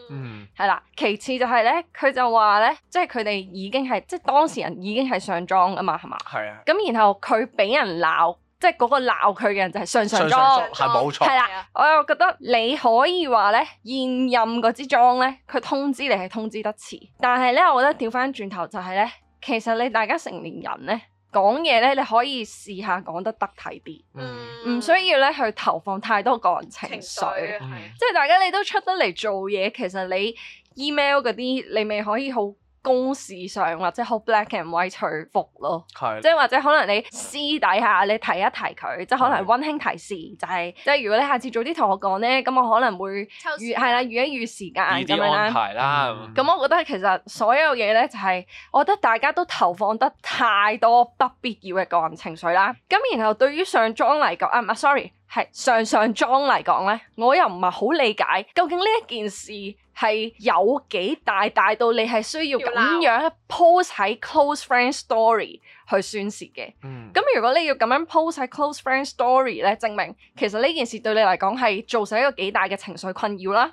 係啦、嗯。其次就係咧，佢就話咧，即係佢哋已經係，即係當事人已經係上莊啊嘛，係嘛。係啊的。咁然後佢俾人鬧，即係嗰個鬧佢嘅人就係上上莊，係冇錯。係啦莊，我又覺得你可以話咧，現任嗰支莊咧，佢通知你係通知得遲，但係咧，我覺得掉返轉頭就係咧，其實你大家成年人咧。講嘢咧，你可以試下講得得體啲，嗯、唔需要咧去投放太多個人情緒。即係大家你都出得嚟做嘢，其實你 email 嗰啲，你咪可以好。公事上或者好 black and white 取服咯。即係的或者可能你私底下你提一提佢，即係可能溫馨提示，就係、是、即係如果你下次早啲同我講咧，咁我可能會預係時啦，預一預時間咁樣啦。安排啦。咁我覺得其實所有嘢咧就係、是，我覺得大家都投放得太多不必要嘅個人情緒啦。咁然後對於上莊嚟講啊，唔係 sorry，係上上莊嚟講咧，我又唔係好理解究竟呢一件事，係有幾大，大，大到你係需要咁樣 post 喺 close friend story 去宣泄嘅。咁、嗯、如果你要咁樣 post 喺 close friend story 咧，證明其實呢件事對你嚟講係造成一個幾大嘅情緒困擾啦。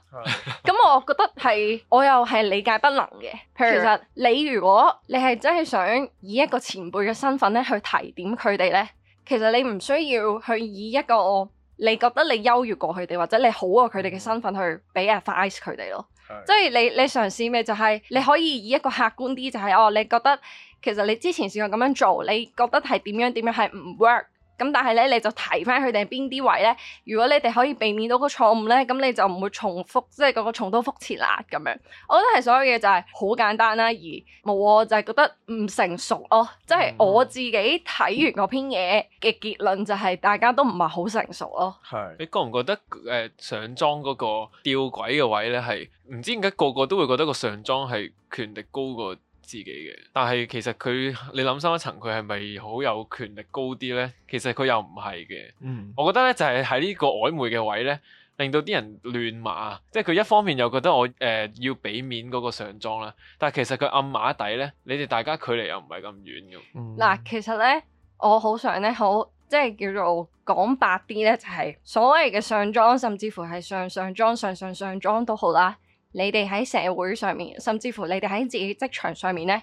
咁、 嗯、我覺得係，我又係理解不能嘅。譬如其實你如果你係真係想以一個前輩嘅身份咧去提點佢哋咧，其實你唔需要去以一個你覺得你優越過佢哋或者你好過佢哋嘅身份去俾 advice 佢哋咯。即係你，你嘗試咩？就係、是、你可以以一個客觀啲、就是，就係哦，你覺得其實你之前試過咁樣做，你覺得係點樣點樣係唔 work？、Ed? 咁但係咧，你就提翻佢哋邊啲位咧。如果你哋可以避免到個錯誤咧，咁你就唔會重複，即係嗰個重蹈覆轍啦。咁樣，我覺得係所有嘢就係好簡單啦、啊，而冇啊，就係覺得唔成熟咯。即係我自己睇完嗰篇嘢嘅結論就係，大家都唔係好成熟咯、啊。係、嗯、你覺唔覺得誒上莊嗰個吊詭嘅位咧，係唔知點解個個都會覺得個上莊係權力高過？自己嘅，但係其實佢，你諗深一層，佢係咪好有權力高啲咧？其實佢又唔係嘅。嗯，我覺得咧就係、是、喺呢個曖昧嘅位咧，令到啲人亂碼。即係佢一方面又覺得我誒、呃、要俾面嗰個上莊啦，但係其實佢暗碼底咧，你哋大家距離又唔係咁遠嘅。嗱，嗯、其實咧我想呢好想咧好即係叫做講白啲咧，就係所謂嘅上莊，甚至乎係上上莊、上上上莊都好啦。你哋喺社會上面，甚至乎你哋喺自己職場上面咧，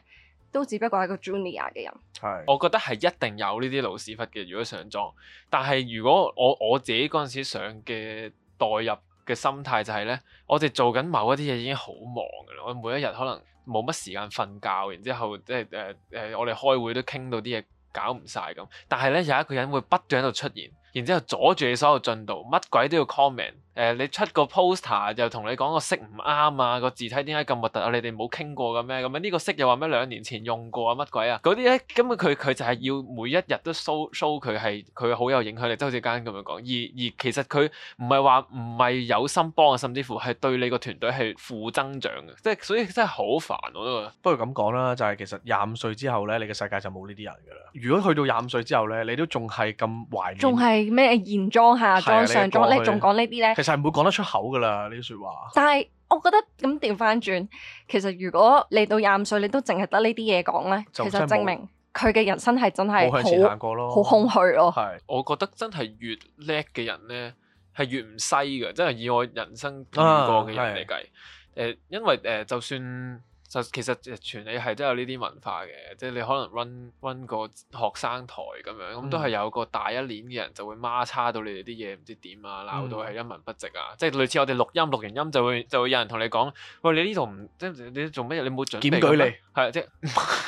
都只不過係一個 junior 嘅人。係是，我覺得係一定有呢啲老屎忽嘅，如果上莊。但係如果我我自己嗰陣時上嘅代入嘅心態就係、是、咧，我哋做緊某一啲嘢已經好忙嘅啦，我每一日可能冇乜時間瞓覺，然之後即係誒誒，我哋開會都傾到啲嘢搞唔晒咁。但係咧有一個人會不斷喺度出現。然之後阻住你所有進度，乜鬼都要 comment，誒、呃、你出個 poster 又同你講個色唔啱啊，個字體點解咁核突啊？你哋冇傾過嘅咩？咁樣呢個色又話咩兩年前用過啊，乜鬼啊？嗰啲咧根本佢佢就係要每一日都 show show 佢係佢好有影響力，即好似今日咁樣講。而而其實佢唔係話唔係有心幫啊，甚至乎係對你個團隊係負增長嘅，即係所以真係好煩我都。不如咁講啦，就係、是、其實廿五歲之後咧，你嘅世界就冇呢啲人噶啦。如果去到廿五歲之後咧，你都仲係咁懷念，咩？現裝、下裝、上裝咧，仲講呢啲咧？其實係唔會講得出口噶啦呢啲説話。但係我覺得咁調翻轉，其實如果你到廿五歲，你都淨係得呢啲嘢講咧，其實證明佢嘅人生係真係好難過咯，好空虛咯。係，我覺得真係越叻嘅人咧，係越唔西噶。真係以我人生經過嘅人嚟計，誒，因為誒，就算。其實傳理係真係有呢啲文化嘅，即係你可能 run run 個學生台咁樣，咁、嗯、都係有個大一年嘅人就會孖叉到你哋啲嘢，唔知點啊，鬧到係一文不值啊，嗯、即係類似我哋錄音錄完音就會就會有人同你講，喂，你呢度唔即你做乜嘢？你冇準備係即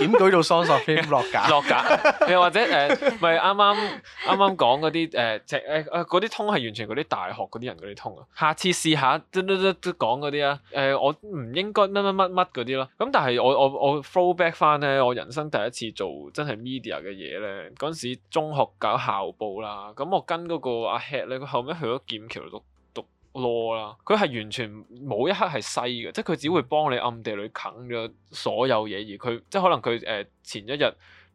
點舉到桑桑飛落架落架？又 或者誒，咪啱啱啱啱講嗰啲誒，即誒誒嗰啲通係完全嗰啲大學嗰啲人嗰啲通啊！下次試下，都都都都講嗰啲啊！誒，我唔應該乜乜乜乜嗰啲咯。咁但係我我我 throw back 翻咧，我人生第一次做真係 media 嘅嘢咧。嗰陣時中學搞校報啦，咁我跟嗰個阿 head 咧，佢後尾去咗劍橋度。攞啦，佢係完全冇一刻係細嘅，即係佢只會幫你暗地裏啃咗所有嘢，而佢即係可能佢誒、呃、前一日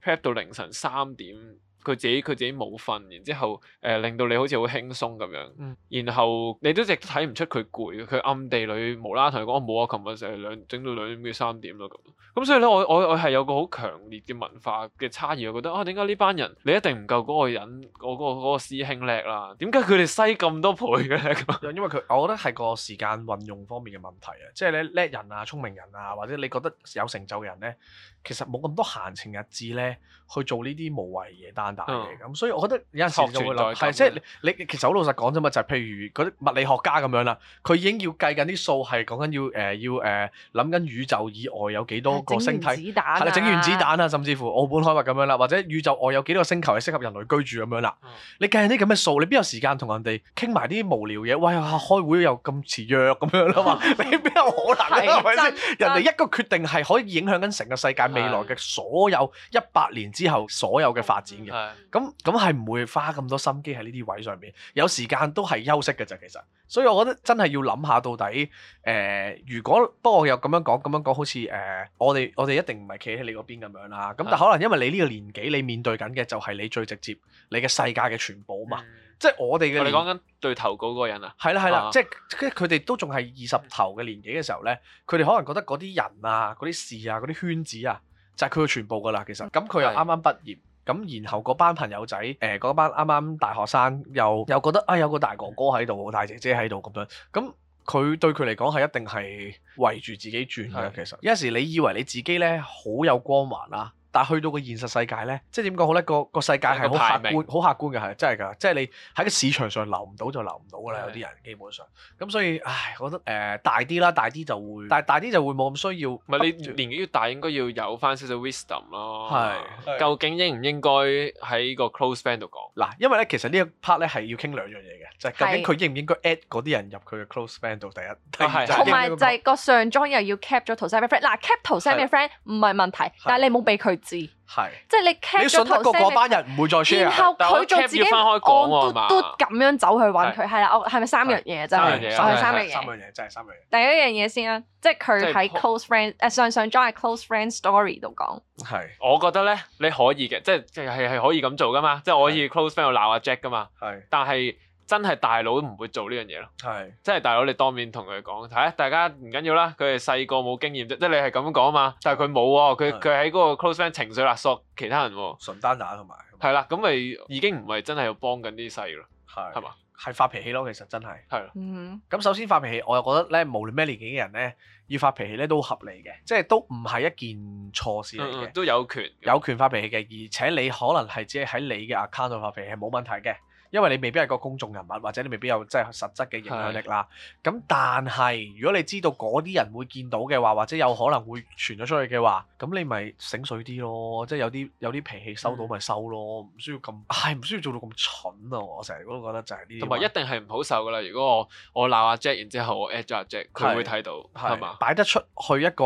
prep 到凌晨三點。佢自己佢自己冇瞓，然之後誒、呃、令到你好似好輕鬆咁樣，嗯、然後你都亦睇唔出佢攰，佢暗地裏無啦啦同佢講冇啊，琴日成兩整到兩點幾三點咯咁。咁所以咧，我我我係有個好強烈嘅文化嘅差異，我覺得啊點解呢班人你一定唔夠嗰個人嗰、那個嗰、那個那個、師兄叻啦？點解佢哋西咁多倍嘅咧？ 因為佢，我覺得係個時間運用方面嘅問題啊！即係咧叻人啊、聰明人啊，或者你覺得有成就嘅人咧。其實冇咁多閒情逸致咧，去做呢啲無謂嘢單打嚟嘅，咁、嗯、所以我覺得有陣時就會諗，係即係你你其實好老實講啫嘛，就係、是、譬如嗰啲物理學家咁樣啦，佢已經要計緊啲數，係講緊要誒要誒諗緊宇宙以外有幾多個星體，係啦、啊，整完子彈啊，甚至乎澳本海默咁樣啦，或者宇宙外有幾多個星球係適合人類居住咁樣啦，嗯、你計緊啲咁嘅數，你邊有時間同人哋傾埋啲無聊嘢？喂、哎，開會又咁遲約咁樣啦嘛，你邊的 有可能咧、啊？係咪的人哋一個決定係可以影響緊成個世界。未來嘅所有一百年之後，所有嘅發展嘅，咁咁係唔會花咁多心機喺呢啲位上面，有時間都係休息嘅啫其實，所以我覺得真係要諗下到底，誒、呃、如果不過又咁樣講咁樣講，好似誒我哋我哋一定唔係企喺你嗰邊咁樣啦，咁但可能因為你呢個年紀，你面對緊嘅就係你最直接你嘅世界嘅全部啊嘛。的即係我哋嘅，你講緊對頭嗰個人啊？係啦係啦，啊、即係佢哋都仲係二十頭嘅年紀嘅時候咧，佢哋可能覺得嗰啲人啊、嗰啲事啊、嗰啲圈子啊，就係佢嘅全部㗎啦。其實咁佢又啱啱畢業，咁的然後嗰班朋友仔誒嗰班啱啱大學生又又覺得啊、哎、有個大哥哥喺度，大姐姐喺度咁樣，咁佢對佢嚟講係一定係圍住自己轉嘅。的其實有時你以為你自己咧好有光環啊。但係去到個現實世界咧，即係點講好咧？個個世界係好客觀，好客觀嘅係真係㗎。即係你喺個市場上留唔到就留唔到㗎啦。的有啲人基本上，咁所以唉，我覺得誒大啲啦，大啲就會，但係大啲就會冇咁需要。唔係你年紀越大應該要有返少少 wisdom 咯。係是，對究竟應唔應該喺個 close friend 度講嗱？因為咧其實呢一 part 咧係要傾兩樣嘢嘅，就係、是、究竟佢應唔應該 add 嗰啲人入佢嘅 close friend 度第一。同埋的、啊、就係、是嗯、個上裝又要 cap 咗頭 some friend，嗱 cap 頭 some friend 唔係問題，的但係你冇俾佢。知係，即係你信得過嗰班人唔會再輸啊！然後佢做自己按嘟都咁樣走去揾佢，係啦，我係咪三樣嘢真係？三樣嘢，三樣嘢真係三樣嘢。第一樣嘢先啦，即係佢喺 close friend 誒上上 n 喺 close friend story 度講。係，我覺得咧你可以嘅，即係係係可以咁做噶嘛，即係我可以 close friend 度鬧阿 Jack 噶嘛。係，但係。真係大佬唔會做呢樣嘢咯，係，真係大佬你當面同佢講，睇、哎，大家唔緊要啦，佢哋細個冇經驗啫，即係你係咁講嘛，但係佢冇喎，佢佢喺嗰個 close friend 情緒勒索其他人喎、啊，純單打同埋，係啦，咁咪已經唔係真係要幫緊啲細路咯，係是的 嗎，係嘛，係發脾氣咯，其實真係，係，是的 嗯咁首先發脾氣，我又覺得咧，無論咩年紀嘅人咧，要發脾氣咧都合理嘅，即係都唔係一件錯事嚟嘅，嗯嗯都有權，有權發脾氣嘅，而且你可能係只係喺你嘅 account 度發脾氣係冇問題嘅。因為你未必係個公眾人物，或者你未必有即係實質嘅影響力啦。咁的但係如果你知道嗰啲人會見到嘅話，或者有可能會傳咗出去嘅話，咁你咪醒水啲咯，即係有啲有啲脾氣收到咪收咯，唔、嗯、需要咁係唔需要做到咁蠢啊！我成日都覺得就係呢同埋一定係唔好受噶啦。如果我我鬧阿、啊、Jack，然之後我 at 咗阿 Jack，佢的會睇到係嘛？擺得出去一個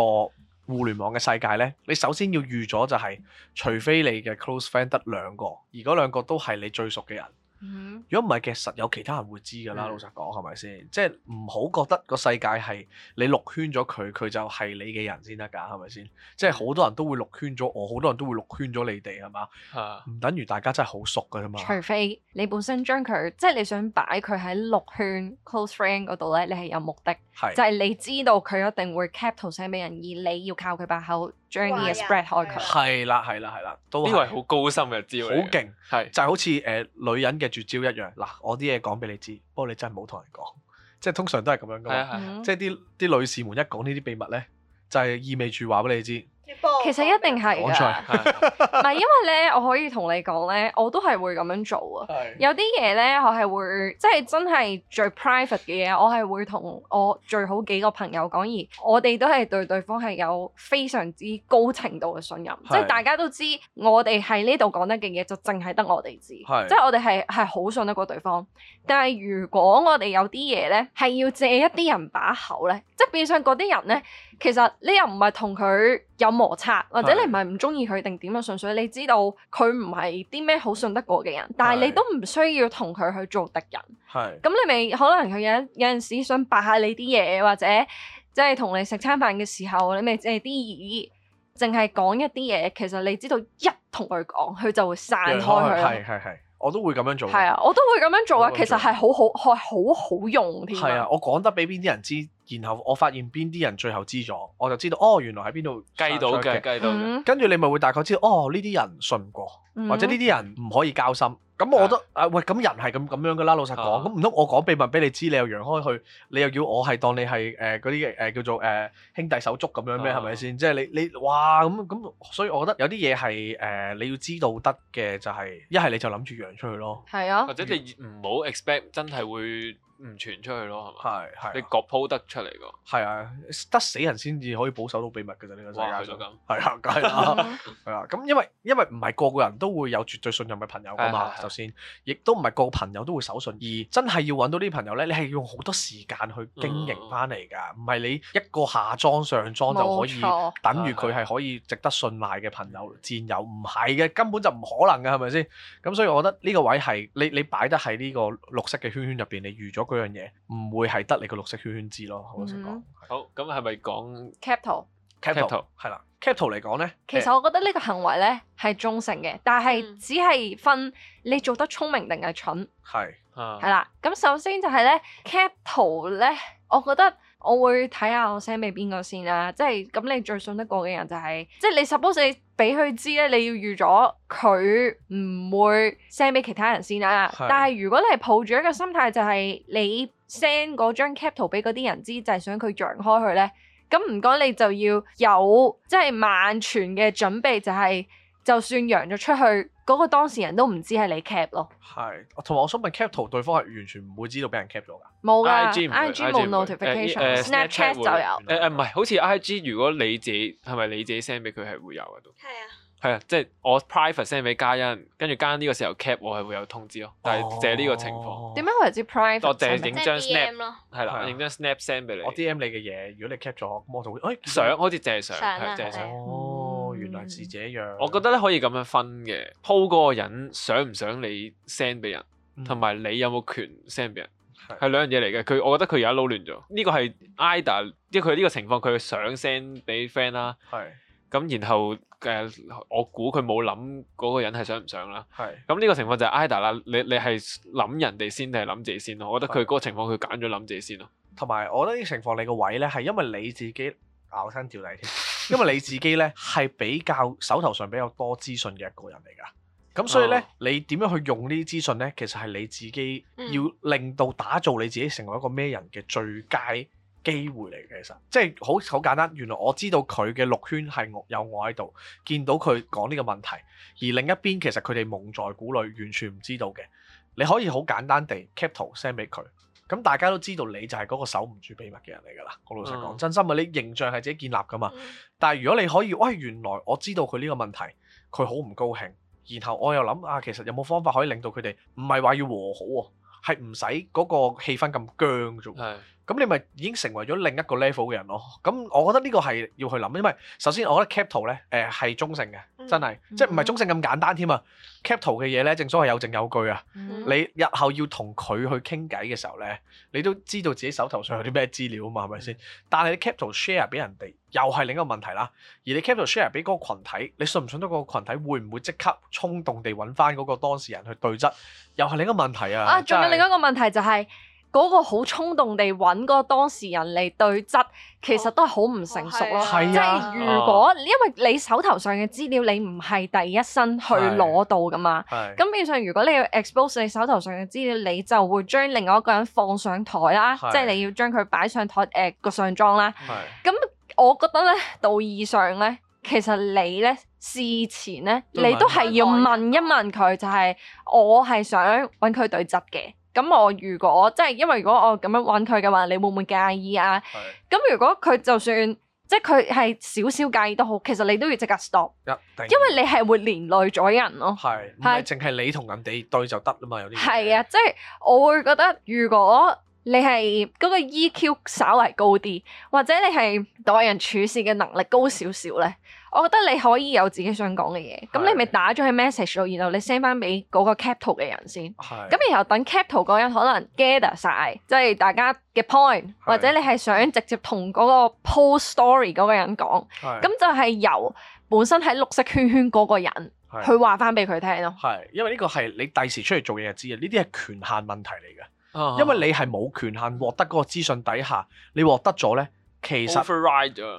互聯網嘅世界呢。你首先要預咗就係、是，除非你嘅 close friend 得兩個，而嗰兩個都係你最熟嘅人。如果唔係，其、嗯、實有其他人會知㗎啦。嗯、老實講，係咪先？即係唔好覺得個世界係你錄圈咗佢，佢就係你嘅人先得㗎，係咪先？即係好多人都會錄圈咗我，好多人都會錄圈咗你哋，係嘛？唔、啊、等於大家真係好熟㗎嘛？除非你本身將佢，即係你想擺佢喺錄圈 close friend 嗰度咧，你係有目的，是就係你知道佢一定會 cap 圖寫俾人，而你要靠佢把口。將啲嘢 spread 開佢。係啦，係啦，係啦，都呢個係好高深嘅招，的好勁，係就係好似誒女人嘅絕招一樣。嗱，我啲嘢講俾你知，不過你真係冇同人講。即係通常都係咁樣嘅。係係係。即係啲啲女士們一講呢啲秘密咧，就係意味住話俾你知。其實一定係噶係 因為咧，我可以同你講咧，我都係會咁樣做啊。的有啲嘢咧，我係會即係真係最 private 嘅嘢，我係會同我最好幾個朋友講，而我哋都係對對方係有非常之高程度嘅信任，的即係大家都知我哋喺呢度講得嘅嘢就淨係得我哋知，的即係我哋係係好信得過對方。但係如果我哋有啲嘢咧，係要借一啲人把口咧。變相嗰啲人咧，其實你又唔係同佢有摩擦，或者你唔係唔中意佢定點樣，純粹你知道佢唔係啲咩好信得過嘅人，但係你都唔需要同佢去做敵人。係是，咁你咪可能佢有有陣時想霸下你啲嘢，或者即係同你食餐飯嘅時候，你咪即係啲語淨係講一啲嘢，其實你知道一同佢講，佢就會散開佢。係係係。我都會咁樣做。係啊，我都會咁樣做啊。做其實係好好，係做好好用添。係啊，我講得俾邊啲人知，然後我發現邊啲人最後知咗，我就知道哦，原來喺邊度計到計到，跟住、嗯、你咪會大概知道哦，呢啲人信唔過，嗯、或者呢啲人唔可以交心。咁、嗯嗯、我覺得啊喂，咁人係咁咁樣噶啦，老實講，咁唔通我講秘密俾你知，你又揚開去，你又要我係當你係誒嗰啲誒叫做誒、呃、兄弟手足咁樣咩？係咪先？吧即係你你哇咁咁、嗯嗯嗯，所以我覺得有啲嘢係誒你要知道得嘅、就是，就係一係你就諗住揚出去咯，啊、或者你唔好 expect 真係會。唔傳出去咯，係嘛？係係、啊，你割 p 得出嚟個。係啊，得死人先至可以保守到秘密㗎咋。呢、這個世界。哇，係啊，梗係啦，啊。咁、 啊、因為因為唔係個個人都會有絕對信任嘅朋友㗎嘛，首先，亦都唔係個個朋友都會守信，而真係要揾到啲朋友呢，你係用好多時間去經營翻嚟㗎，唔係、嗯、你一個下莊上莊就可以等於佢係可以值得信賴嘅朋友戰友，唔係嘅，根本就唔可能㗎，係咪先？咁所以我覺得呢個位係你你擺得喺呢個綠色嘅圈圈入邊，你預咗。嗰樣嘢唔會係得你個綠色圈圈知咯，我老實、嗯、是講。好 Capital. Capital. Capital.，咁係咪講 capital？capital 係啦，capital 嚟講咧，其實我覺得呢個行為咧係忠誠嘅，但係只係分你做得聰明定係蠢。係，係、啊、啦。咁首先就係咧，capital 咧，我覺得。我會睇下我 send 俾邊個先啦、啊，即係咁你最信得過嘅人就係、是，即係你 suppose 你俾佢知咧，你要預咗佢唔會 send 俾其他人先啦、啊。的但係如果你係抱住一個心態就係你 send 嗰張 cap 圖俾嗰啲人知，就係、是、想佢揚開佢咧，咁唔該你就要有即係、就是、萬全嘅準備、就是，就係就算揚咗出去，嗰個當事人都唔知係你 cap 咯，係，同埋我想問，cap 圖對方係完全唔會知道俾人 cap 咗㗎？冇啦，IG 冇 notification，Snapchat 就有。誒誒唔係，好似 IG 如果你自己係咪你自己 send 俾佢係會有嘅都，係啊，係啊，即係我 private send 俾嘉欣，跟住嘉欣呢個時候 cap 我係會有通知咯。但係借呢個情況，點解我可以知 private？我借影張 snap 咯，係啦，影張 snap send 俾你，我 DM 你嘅嘢，如果你 cap 咗，咁我就會誒相好似借相係借相。是、嗯、這樣，我覺得咧可以咁樣分嘅，鋪嗰個人想唔想你 send 俾人，同埋你有冇權 send 俾人，係兩樣嘢嚟嘅。佢我覺得佢而家撈亂咗，呢、這個係 ida，即係佢呢個情況佢想 send 俾 friend 啦，係咁是然後誒、呃、我估佢冇諗嗰個人係想唔想啦，係咁呢個情況就係 ida 啦，你你係諗人哋先定係諗自己先咯？我覺得佢嗰個情況佢揀咗諗自己先咯，同埋是我覺得呢個情況你個位咧係因為你自己咬親條脷添。 因為你自己呢係比較手頭上比較多資訊嘅一個人嚟噶，咁所以呢，oh. 你點樣去用呢啲資訊呢？其實係你自己要令到打造你自己成為一個咩人嘅最佳機會嚟嘅。其實即係好好簡單。原來我知道佢嘅六圈係我有我喺度見到佢講呢個問題，而另一邊其實佢哋蒙在鼓裏，完全唔知道嘅。你可以好簡單地 capture send 俾佢。咁大家都知道，你就係嗰個守唔住秘密嘅人嚟㗎啦。我老實講，嗯、真心啊，你形象係自己建立㗎嘛。嗯、但係如果你可以，哇、哎，原來我知道佢呢個問題，佢好唔高興。然後我又諗啊，其實有冇方法可以令到佢哋唔係話要和好喎，係唔使嗰個氣氛咁僵啫。咁你咪已經成為咗另一個 level 嘅人咯？咁我覺得呢個係要去諗，因為首先我覺得 capital 咧，誒係中性嘅，真係即係唔係中性咁簡單添啊！capital 嘅嘢咧，嗯嗯正所謂有證有據啊！嗯嗯你日後要同佢去傾偈嘅時候咧，你都知道自己手頭上有啲咩資料啊嘛，係咪先？但係你 capital share 俾人哋，又係另一個問題啦。而你 capital share 俾嗰個羣體，你信唔信得嗰個羣體會唔會即刻衝動地揾翻嗰個當事人去對質，又係另一個問題啊！啊，仲有另一個問題就係。嗰個好衝動地揾嗰個當事人嚟對質，其實都係好唔成熟咯。哦哦係啊、即係如果、哦、因為你手頭上嘅資料你唔係第一身去攞到噶嘛，咁變相如果你要 expose 你手頭上嘅資料，你就會將另外一個人放上台啦，是即係你要將佢擺上台，誒個、呃、上妝啦。咁是我覺得咧，道義上咧，其實你咧事前咧，都你都係要問一問佢，問他就係我係想揾佢對質嘅。咁我如果即係，因為如果我咁樣搵佢嘅話，你會唔會介意啊？咁是的 如果佢就算即係佢係少少介意都好，其實你都要即刻 stop，一定，因為你係會連累咗人咯。係唔係淨係你同人哋對就得啦嘛？有啲係啊，即係我會覺得如果。你係嗰個 EQ 稍為高啲，或者你係待人處事嘅能力高少少咧，我覺得你可以有自己想講嘅嘢。咁的你咪打咗去 message 度，然後你 send 翻俾嗰個 capital 嘅人先。係的。咁然後等 capital 嗰人可能 gather 晒，即係大家嘅 point，的或者你係想直接同嗰個 post story 嗰個人講。係的。咁就係由本身喺綠色圈圈嗰個人去話翻俾佢聽咯。係的，因為呢個係你第時出嚟做嘢就知啊，呢啲係權限問題嚟嘅。因為你係冇權限獲得嗰個資訊底下，你獲得咗呢，其實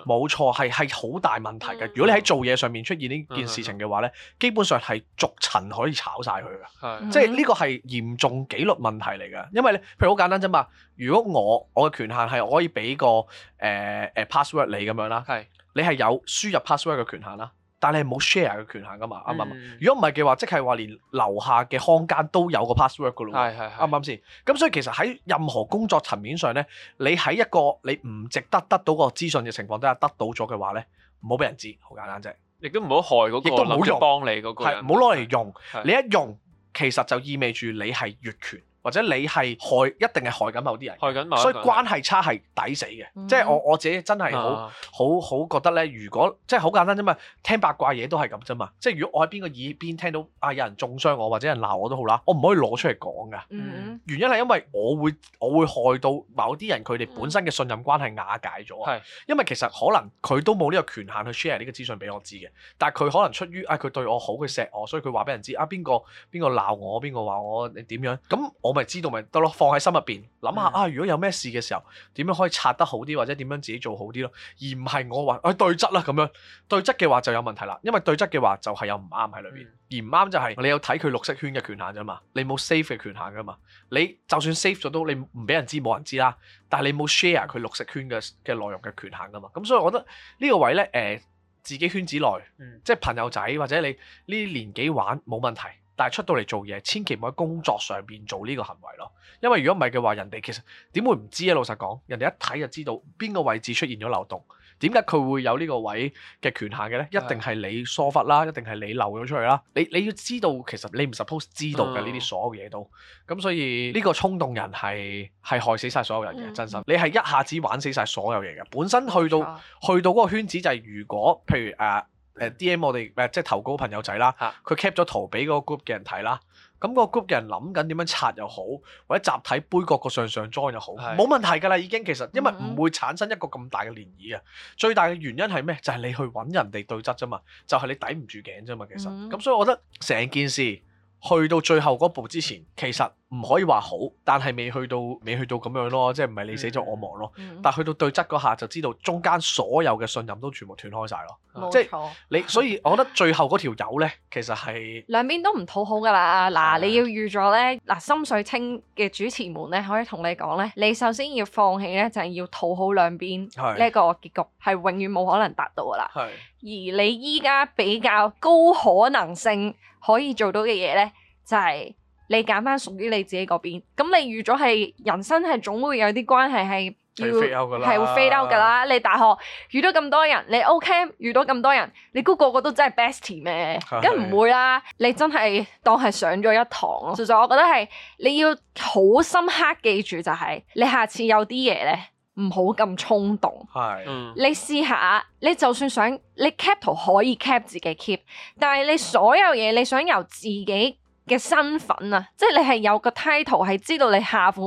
冇錯，係係好大問題嘅。如果你喺做嘢上面出現呢件事情嘅話呢，基本上係逐層可以炒晒佢嘅，的即係呢個係嚴重紀律問題嚟㗎。因為咧，譬如好簡單啫嘛，如果我我嘅權限係可以俾個誒誒、呃、password 你咁樣啦，的你係有輸入 password 嘅權限啦。但你係冇 share 嘅權限噶嘛？啱唔啱？如果唔係嘅話，即係話連樓下嘅空間都有個 password 嘅咯，啱唔啱先？咁所以其實喺任何工作層面上呢，你喺一個你唔值得得到個資訊嘅情況底下得到咗嘅話呢，唔好俾人知，好簡單啫。亦都唔好害嗰個冇人幫你嗰個，係唔好攞嚟用。你一用，其實就意味住你係越權。或者你係害，一定係害緊某啲人，害緊某，所以關係差係抵死嘅。嗯、即係我我自己真係、嗯、好好好覺得咧，如果即係好簡單啫嘛，聽八卦嘢都係咁啫嘛。即係如果我喺邊個耳邊聽到啊有人中傷我或者人鬧我都好啦，我唔可以攞出嚟講噶。嗯、原因係因為我會我會害到某啲人佢哋本身嘅信任關係瓦解咗。嗯、因為其實可能佢都冇呢個權限去 share 呢個資訊俾我知嘅，但係佢可能出於啊佢對我好佢錫我，所以佢話俾人知啊邊個邊個鬧我邊個話我你點樣咁我。我咪知道咪得咯，放喺心入邊諗下啊。如果有咩事嘅時候，點樣可以拆得好啲，或者點樣自己做好啲咯？而唔係我話哎對質啦咁樣，對質嘅話就有問題啦。因為對質嘅話就係有唔啱喺裏邊，嗯、而唔啱就係、是、你有睇佢綠色圈嘅權限啫嘛，你冇 save 嘅權限噶嘛。你就算 save 咗都，你唔俾人知，冇人知啦。但係你冇 share 佢綠色圈嘅嘅內容嘅權限噶嘛。咁所以我覺得呢個位呢，誒、呃，自己圈子內，嗯、即係朋友仔或者你呢啲年紀玩冇問題。但係出到嚟做嘢，千祈唔好喺工作上邊做呢個行為咯。因為如果唔係嘅話，人哋其實點會唔知啊？老實講，人哋一睇就知道邊個位置出現咗漏洞。點解佢會有呢個位嘅權限嘅呢？是一定係你疏忽啦，一定係你漏咗出去啦。你你要知道，其實你唔 suppose 知道嘅呢啲所有嘢都。咁所以呢個衝動人係係害死晒所有人嘅，嗯、真心。你係一下子玩死晒所有嘢嘅。本身去到、啊、去到嗰個圈子就係，如果譬如誒。啊誒 D.M 我哋誒即係投稿朋友仔啦，佢 cap 咗圖俾嗰個 group 嘅人睇啦，咁、那、嗰個 group 嘅人諗緊點樣拆又好，或者集體杯葛個上上莊又好，冇的問題㗎啦已經，其實因為唔會產生一個咁大嘅漣漪嘅，最大嘅原因係咩？就係、是、你去揾人哋對質啫嘛，就係、是、你抵唔住頸啫嘛，其實咁的所以我覺得成件事去到最後嗰步之前，其實。唔可以話好，但係未去到未去到咁樣咯，即係唔係你死咗我亡咯？嗯嗯、但係去到對質嗰下，就知道中間所有嘅信任都全部斷開晒咯。冇錯，即你所以我覺得最後嗰條友呢，其實係兩邊都唔討好噶啦。嗱的，你要預咗呢，嗱心水清嘅主持們呢，可以同你講呢：你首先要放棄呢，就係、是、要討好兩邊呢個結局，係的永遠冇可能達到噶啦。的而你依家比較高可能性可以做到嘅嘢呢，就係、是。你揀翻屬於你自己嗰邊，咁你預咗係人生係總會有啲關係係要 fail 噶啦！你大學遇到咁多人，你 OK 遇到咁多人，你估個個都真係 best team 咩、啊？梗唔是會啦！你真係當係上咗一堂咯。其實我覺得係你要好深刻記住就係、是，你下次有啲嘢咧唔好咁衝動。係是，你試下你就算想你 capital 可以 cap 自己 keep，但係你所有嘢你想由自己。嘅身份啊，即係你係有個 title 係知道你下款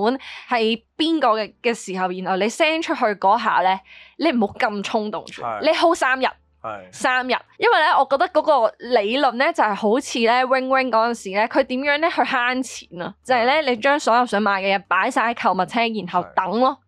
係邊個嘅嘅時候，然後你 send 出去嗰下咧，你唔好咁衝動住，是你 hold 三日，是三日，因為咧，我覺得嗰個理論咧就係、是、好似咧 wing wing 嗰陣時咧，佢點樣咧去慳錢啊？就係、是、咧，是你將所有想買嘅嘢擺晒喺購物車，然後等咯，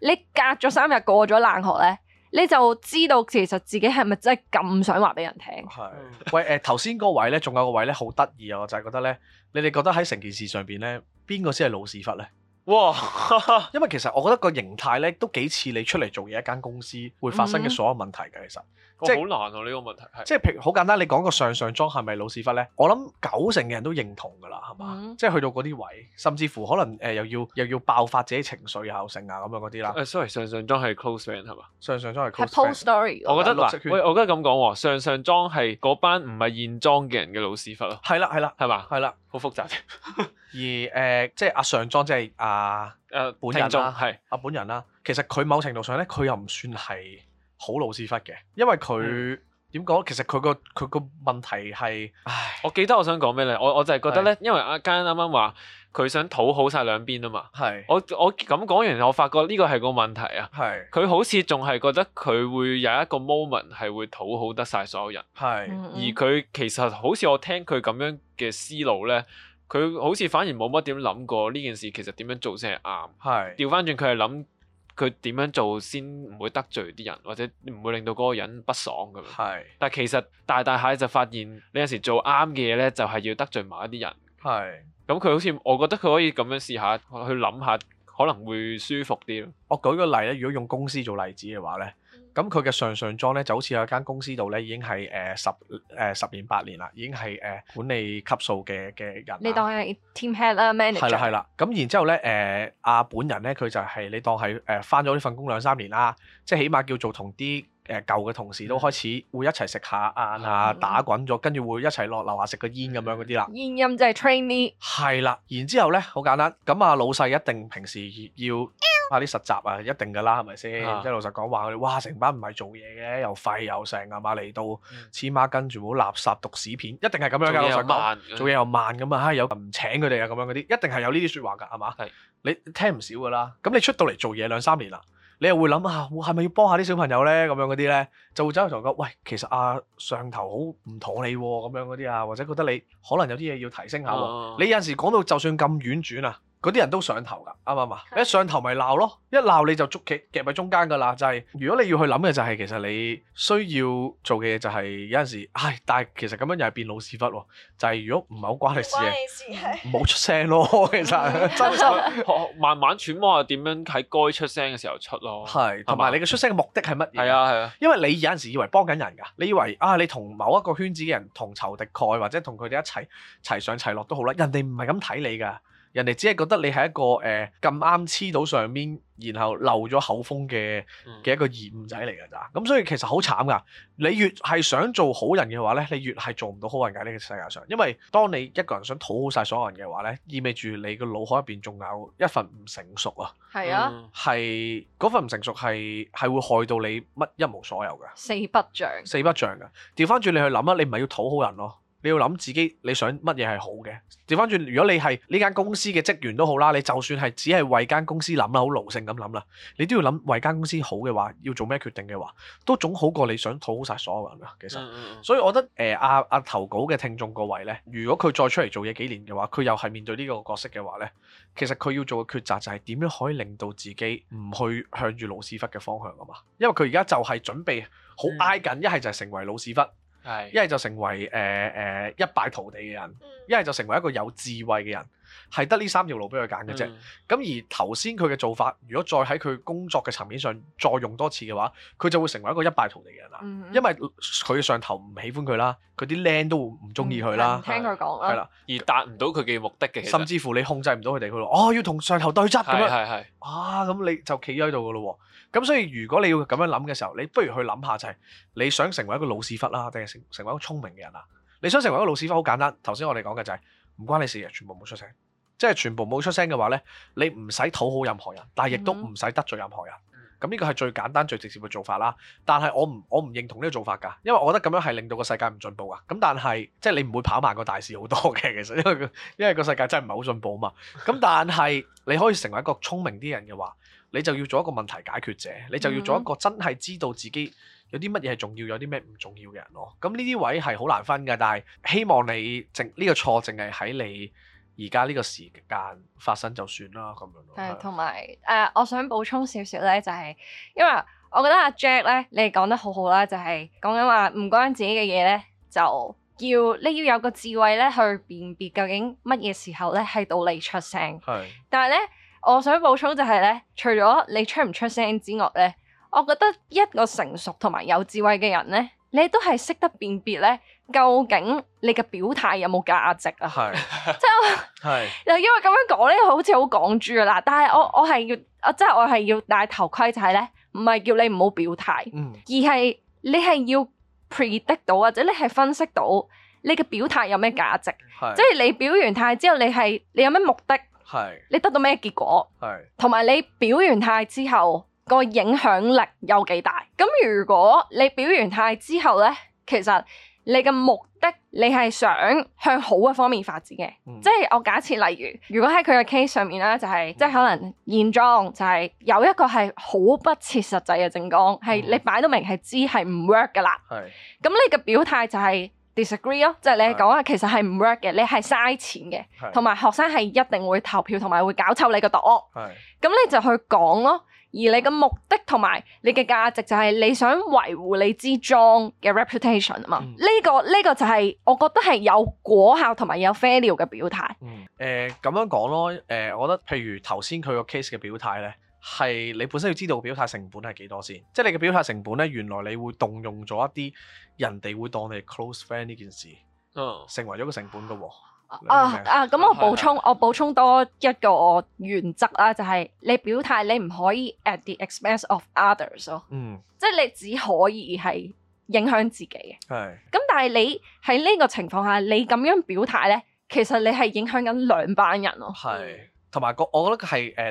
你隔咗三日過咗冷河咧。你就知道其實自己係咪真係咁想話俾人聽？係是， 喂誒頭先嗰位呢，仲、呃、有個位呢，好得意啊！我就係覺得呢，你哋覺得喺成件事上邊呢，邊個先係老屎忽呢？哇！ 因為其實我覺得個形態呢，都幾似你出嚟做嘢一間公司會發生嘅所有問題嘅，嗯、其實。即係好難啊！呢個問題係即係譬如好簡單，你講個上上莊係咪老屎忽咧？我諗九成嘅人都認同㗎啦，係嘛？即係去到嗰啲位，甚至乎可能誒又要又要爆發自己情緒啊、性啊咁樣嗰啲啦。誒，sorry，上上莊係 close friend 係嘛？上上莊係 close friend。係 post story。我覺得喂，我覺得咁講喎，上上莊係嗰班唔係現莊嘅人嘅老屎忽咯。係啦，係啦，係嘛？係啦，好複雜啲。而誒，即係阿上莊，即係阿誒本人啦，係阿本人啦。其實佢某程度上咧，佢又唔算係。好老屎忽嘅，因為佢點講？其實佢個佢個問題係，唉，我記得我想講咩咧？我我就係覺得咧，是 因為阿 Kayan 啱啱話佢想討好晒兩邊啊嘛。係是，我我咁講完，我發覺呢個係個問題啊。係，佢好似仲係覺得佢會有一個 moment 係會討好得晒所有人。係，是 而佢其實好似我聽佢咁樣嘅思路咧，佢好似反而冇乜點諗過呢件事其實點樣做先係啱。係是，調返轉佢係諗。佢點樣做先唔會得罪啲人，或者唔會令到嗰個人不爽咁樣。係是，但其實大大下就發現，你有時做啱嘅嘢咧，就係要得罪埋一啲人。係是，咁佢好似我覺得佢可以咁樣試下，去諗下可能會舒服啲咯。我舉個例咧，如果用公司做例子嘅話咧。咁佢嘅上上裝咧，就好似有間公司度咧、呃呃，已經係誒十誒十年八年啦，已經係誒管理級數嘅嘅人、啊、你當係 team head 啦，manager。係啦係啦，咁然之後咧誒，阿、呃、本人咧佢就係、是、你當係誒返咗呢份工兩三年啦，即係起碼叫做同啲。誒舊嘅同事都開始會一齊食下晏啊，打滾咗，跟住會一齊落樓下食個煙咁樣嗰啲啦。煙陰就係 t r a i n m e 係啦，然之後咧，好簡單。咁啊，老細一定平時要啊啲實習啊，一定噶啦，係咪先？即係老實講話，佢哋哇，成班唔係做嘢嘅，又廢又成啊嘛，嚟到黐孖跟住部垃圾讀屎片，一定係咁樣嘅。做嘢做嘢又慢咁啊！有唔請佢哋啊？咁樣嗰啲，一定係有呢啲説話噶，係嘛？係你聽唔少噶啦。咁你出到嚟做嘢兩三年啦。你又會諗啊，我係咪要幫下啲小朋友呢？咁樣嗰啲咧，就會走去同佢講，喂，其實啊，上頭好唔妥你喎、啊，咁樣嗰啲啊，或者覺得你可能有啲嘢要提升下喎。啊、你有陣時講到就算咁婉轉啊。嗰啲人都上頭噶，啱唔啱啊？的一上頭咪鬧咯，一鬧你就捉棋夾喺中間噶啦。就係、是、如果你要去諗嘅就係、是，其實你需要做嘅嘢就係、是、有陣時，唉，但係其實咁樣又係變老屎忽喎。就係、是、如果唔係好關你事嘅，唔好出聲咯。就的其實真係慢慢揣摩下點樣喺該出聲嘅時候出咯。係，同埋你嘅出聲嘅目的係乜嘢？係啊，係啊。因為你有陣時以為幫緊人噶，你以為啊，你同某一個圈子嘅人同仇敵愾，或者同佢哋一齊齊上齊落都好啦，人哋唔係咁睇你噶。人哋只係覺得你係一個誒咁啱黐到上面，然後漏咗口風嘅嘅、嗯、一個二五仔嚟㗎咋。咁所以其實好慘㗎。你越係想做好人嘅話呢，你越係做唔到好人喺呢個世界上。因為當你一個人想討好晒所有人嘅話呢，意味住你個腦海入邊仲有一份唔成熟啊。係啊、嗯，係嗰份唔成熟係係會害到你乜一無所有嘅。四不像，四不像㗎。調翻轉你去諗啦，你唔係要討好人咯。你要諗自己你想乜嘢係好嘅。調翻轉，如果你係呢間公司嘅職員都好啦，你就算係只係為間公司諗啦，好勞性咁諗啦，你都要諗為間公司好嘅話，要做咩決定嘅話，都總好過你想討好晒所有人啊。其實，嗯嗯，所以我覺得誒阿阿投稿嘅聽眾各位呢，如果佢再出嚟做嘢幾年嘅話，佢又係面對呢個角色嘅話呢，其實佢要做嘅抉擇就係點樣可以令到自己唔去向住老屎忽嘅方向啊嘛？因為佢而家就係準備好挨緊，一係、嗯、就係成為老屎忽。一係就成為誒誒、呃呃、一敗塗地嘅人，一係就成為一個有智慧嘅人，係得呢三條路俾佢揀嘅啫。咁、嗯、而頭先佢嘅做法，如果再喺佢工作嘅層面上再用多次嘅話，佢就會成為一個一敗塗地嘅人啦。因為佢上頭唔喜歡佢啦，佢啲靚都會唔中意佢啦，聽佢講係啦，而達唔到佢嘅目的嘅，甚至乎你控制唔到佢哋佢話，哦要同上頭對質咁樣，係係，啊咁你就企喺度㗎咯喎。咁所以如果你要咁樣諗嘅時候，你不如去諗下就係你想成為一個老屎忽啦，定係成成為一個聰明嘅人啊？你想成為一個老屎忽，好簡單。頭先我哋講嘅就係、是、唔關你事嘅，全部冇出聲。即係全部冇出聲嘅話呢，你唔使討好任何人，但係亦都唔使得罪任何人。咁呢、嗯嗯、個係最簡單最直接嘅做法啦。但係我唔我唔認同呢個做法噶，因為我覺得咁樣係令到個世界唔進步啊。咁但係即係你唔會跑慢個大市好多嘅，其實因為個因為個世界真係唔係好進步啊嘛。咁但係你可以成為一個聰明啲人嘅話。你就要做一個問題解決者，你就要做一個真係知道自己有啲乜嘢係重要，有啲咩唔重要嘅人咯。咁呢啲位係好難分嘅，但係希望你正呢個錯，淨係喺你而家呢個時間發生就算啦。咁樣。係，同埋誒，我想補充少少咧，就係因為我覺得阿 Jack 咧，你哋講得好好啦，就係講緊話唔關自己嘅嘢咧，就要你要有個智慧咧去辨別究竟乜嘢時候咧係到你出聲。係是。但係咧。我想補充就係、是、咧，除咗你出唔出聲之外咧，我覺得一個成熟同埋有智慧嘅人咧，你都係識得辨別咧，究竟你嘅表態有冇價值啊？係，即係，係又因為咁樣講咧，好似好講住啊嗱。但係我我係要，我即係我係要戴頭盔、就是，就係咧，唔係叫你唔好表態，嗯、而係你係要 predict 到或者你係分析到你嘅表態有咩價值，即係是你表完態之後，你係你有咩目的？係，是你得到咩結果？係是，同埋你表完態之後，個影響力有幾大？咁如果你表完態之後咧，其實你嘅目的你係想向好嘅方面發展嘅，嗯、即係我假設例如，如果喺佢嘅 case 上面咧，就係即係可能現狀就係有一個係好不切實際嘅政綱，係、嗯、你擺到明係知係唔 work 噶啦，係是，咁你嘅表態就係、是。Disagree 咯，Dis ó，即係你講啊，其實係唔 work 嘅，你係嘥錢嘅，同埋是學生係一定會投票，同埋會搞臭你個度。係是，咁你就去講咯，而你嘅目的同埋你嘅價值就係你想維護你之莊嘅 reputation 啊嘛。呢、嗯這個呢、這個就係我覺得係有果效同埋有 failure 嘅表態。嗯。誒、呃，咁樣講咯，誒、呃，我覺得譬如頭先佢個 case 嘅表態咧。係你本身要知道表態成本係幾多先，即係你嘅表態成本呢，原來你會動用咗一啲人哋會當你係 close friend 呢件事，oh. 成為咗個成本噶喎。啊啊，咁我補充，我補充多一個原則啦，就係你表態你唔可以 at the expense of others 咯。嗯，即係你只可以係影響自己。係。咁但係你喺呢個情況下，你咁樣表態呢，其實你係影響緊兩班人咯。係。同埋個，我覺得係誒，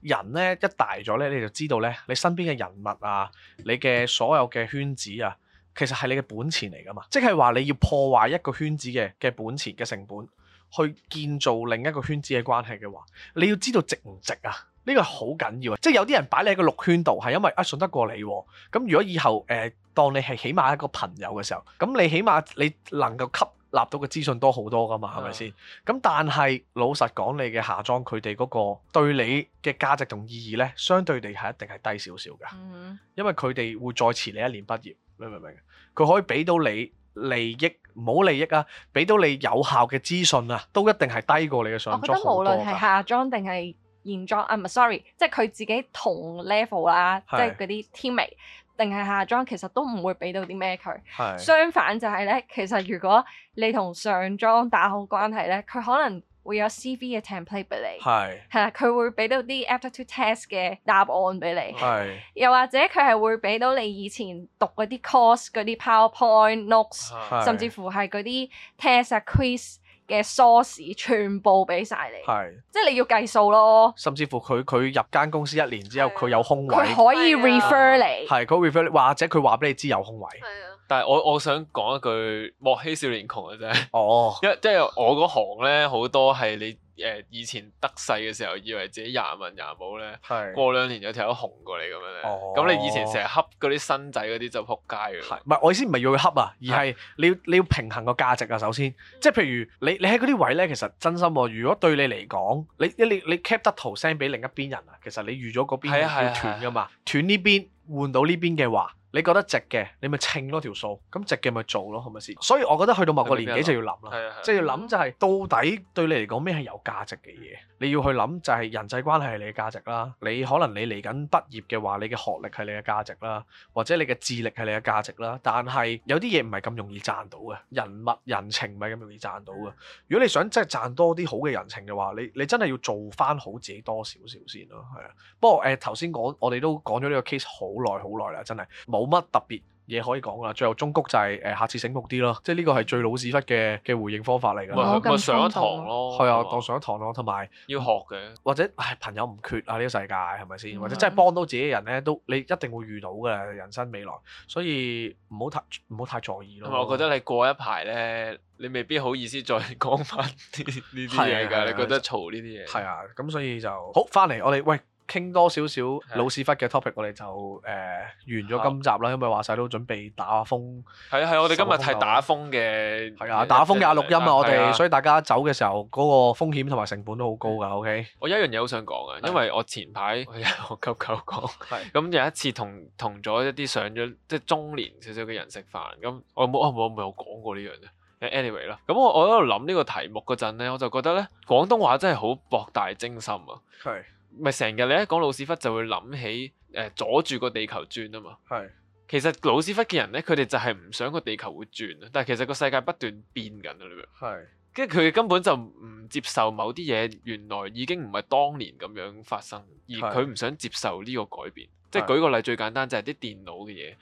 你人咧一大咗咧，你就知道咧，你身邊嘅人物啊，你嘅所有嘅圈子啊，其實係你嘅本錢嚟㗎嘛。即係話你要破壞一個圈子嘅嘅本錢嘅成本，去建造另一個圈子嘅關係嘅話，你要知道值唔值啊？呢個好緊要啊！即係有啲人擺你喺個六圈度，係因為啊順得過你喎。咁如果以後誒、呃，當你係起碼一個朋友嘅時候，咁你起碼你能夠吸納到嘅資訊多好多噶嘛，係咪先？咁但係老實講，你嘅下莊佢哋嗰個對你嘅價值同意義呢，相對地係一定係低少少嘅，mm hmm。因為佢哋會再遲你一年畢業，你明唔明？佢可以俾到你利益，唔好利益啊，俾到你有效嘅資訊啊，都一定係低過你嘅上莊。我覺得無論係下莊定係現莊啊，唔係 sorry，即係佢自己同 level 啦，是即係嗰啲 teammate。定係下莊，其實都唔會俾到啲咩佢。是相反就係咧，其實如果你同上莊打好關係咧，佢可能會有 CV 嘅 template 俾你。係是，係啦、啊，佢會俾到啲 after to test 嘅答案俾你。是又或者佢係會俾到你以前讀嗰啲 course 嗰啲 PowerPoint notes，是甚至乎係嗰啲 test 啊 quiz。嘅 source 全部俾晒你，係是，即係你要計數咯。甚至乎佢佢入間公司一年之後，佢、啊、有空位，佢可以 refer 你，係佢 refer 你，或者佢話俾你知有空位。啊啊、但係我我想講一句，莫欺少年窮嘅啫。哦， 因為即係我嗰行咧，好多係你。誒以前得勢嘅時候，以為自己廿文廿寶咧，是過兩年又跳到紅過你咁樣咧。咁、哦、你以前成日恰嗰啲新仔嗰啲就撲街嘅。係，唔係我意思唔係要去恰啊，而係你要是你要平衡個價值啊。首先，即係譬如你你喺嗰啲位咧，其實真心。如果對你嚟講，你一你你 keep 得逃生俾另一邊人啊，其實你預咗嗰邊要斷噶嘛，啊啊啊、斷呢邊換到呢邊嘅話。你覺得值嘅，你咪稱多條數，咁值嘅咪做咯，係咪先？所以我覺得去到某個年紀就要諗啦，即係要諗就係到底對你嚟講咩係有價值嘅嘢，嗯、你要去諗就係人際關係係你嘅價值啦，你可能你嚟緊畢業嘅話，你嘅學歷係你嘅價值啦，或者你嘅智力係你嘅價值啦，但係有啲嘢唔係咁容易賺到嘅，人物人情唔係咁容易賺到嘅。嗯、如果你想即係賺多啲好嘅人情嘅話，你你真係要做翻好自己多少少先咯，係啊。不過誒頭先講我哋都講咗呢個 case 好耐好耐啦，真係冇。冇乜特別嘢可以講㗎啦。最後中谷就係、是、誒、呃、下次醒目啲咯，即係呢個係最老屎忽嘅嘅回應方法嚟㗎。咪、嗯、上一堂咯，係啊，當上一堂咯，同埋要學嘅。或者唉，朋友唔缺啊，呢、這個世界係咪先？或者真係幫到自己嘅人咧，都你一定會遇到㗎。人生未來，所以唔好太唔好太在意咯。我覺得你過一排咧，你未必好意思再講返呢啲嘢㗎。你覺得嘈呢啲嘢？係啊，咁所以就好返嚟我哋喂，傾多少少老屎忽嘅 topic，的我哋就誒、呃、完咗今集啦，的因為話晒都準備打風。係啊的，係我哋今日係打風嘅。係啊，打風要錄音啊，我哋的，所以大家走嘅時候嗰、那個風險同埋成本都好高㗎。的 OK。我有一樣嘢好想講啊，因為我前排的 我喺度講，咁的 有一次同同咗一啲上咗即係中年少少嘅人食飯，咁我冇啊冇，唔係我講過呢樣啊。Anyway 啦，咁我我喺度諗呢個題目嗰陣咧，我就覺得咧廣東話真係好博大精深啊。係的。咪成日你一講老屎忽就會諗起誒、呃、阻住個地球轉啊嘛，係是其實老屎忽嘅人咧，佢哋就係唔想個地球會轉啊，但係其實個世界不斷變緊啊，咁樣係跟住佢根本就唔接受某啲嘢原來已經唔係當年咁樣發生，而佢唔想接受呢個改變。是即係舉個例最簡單就係啲電腦嘅嘢，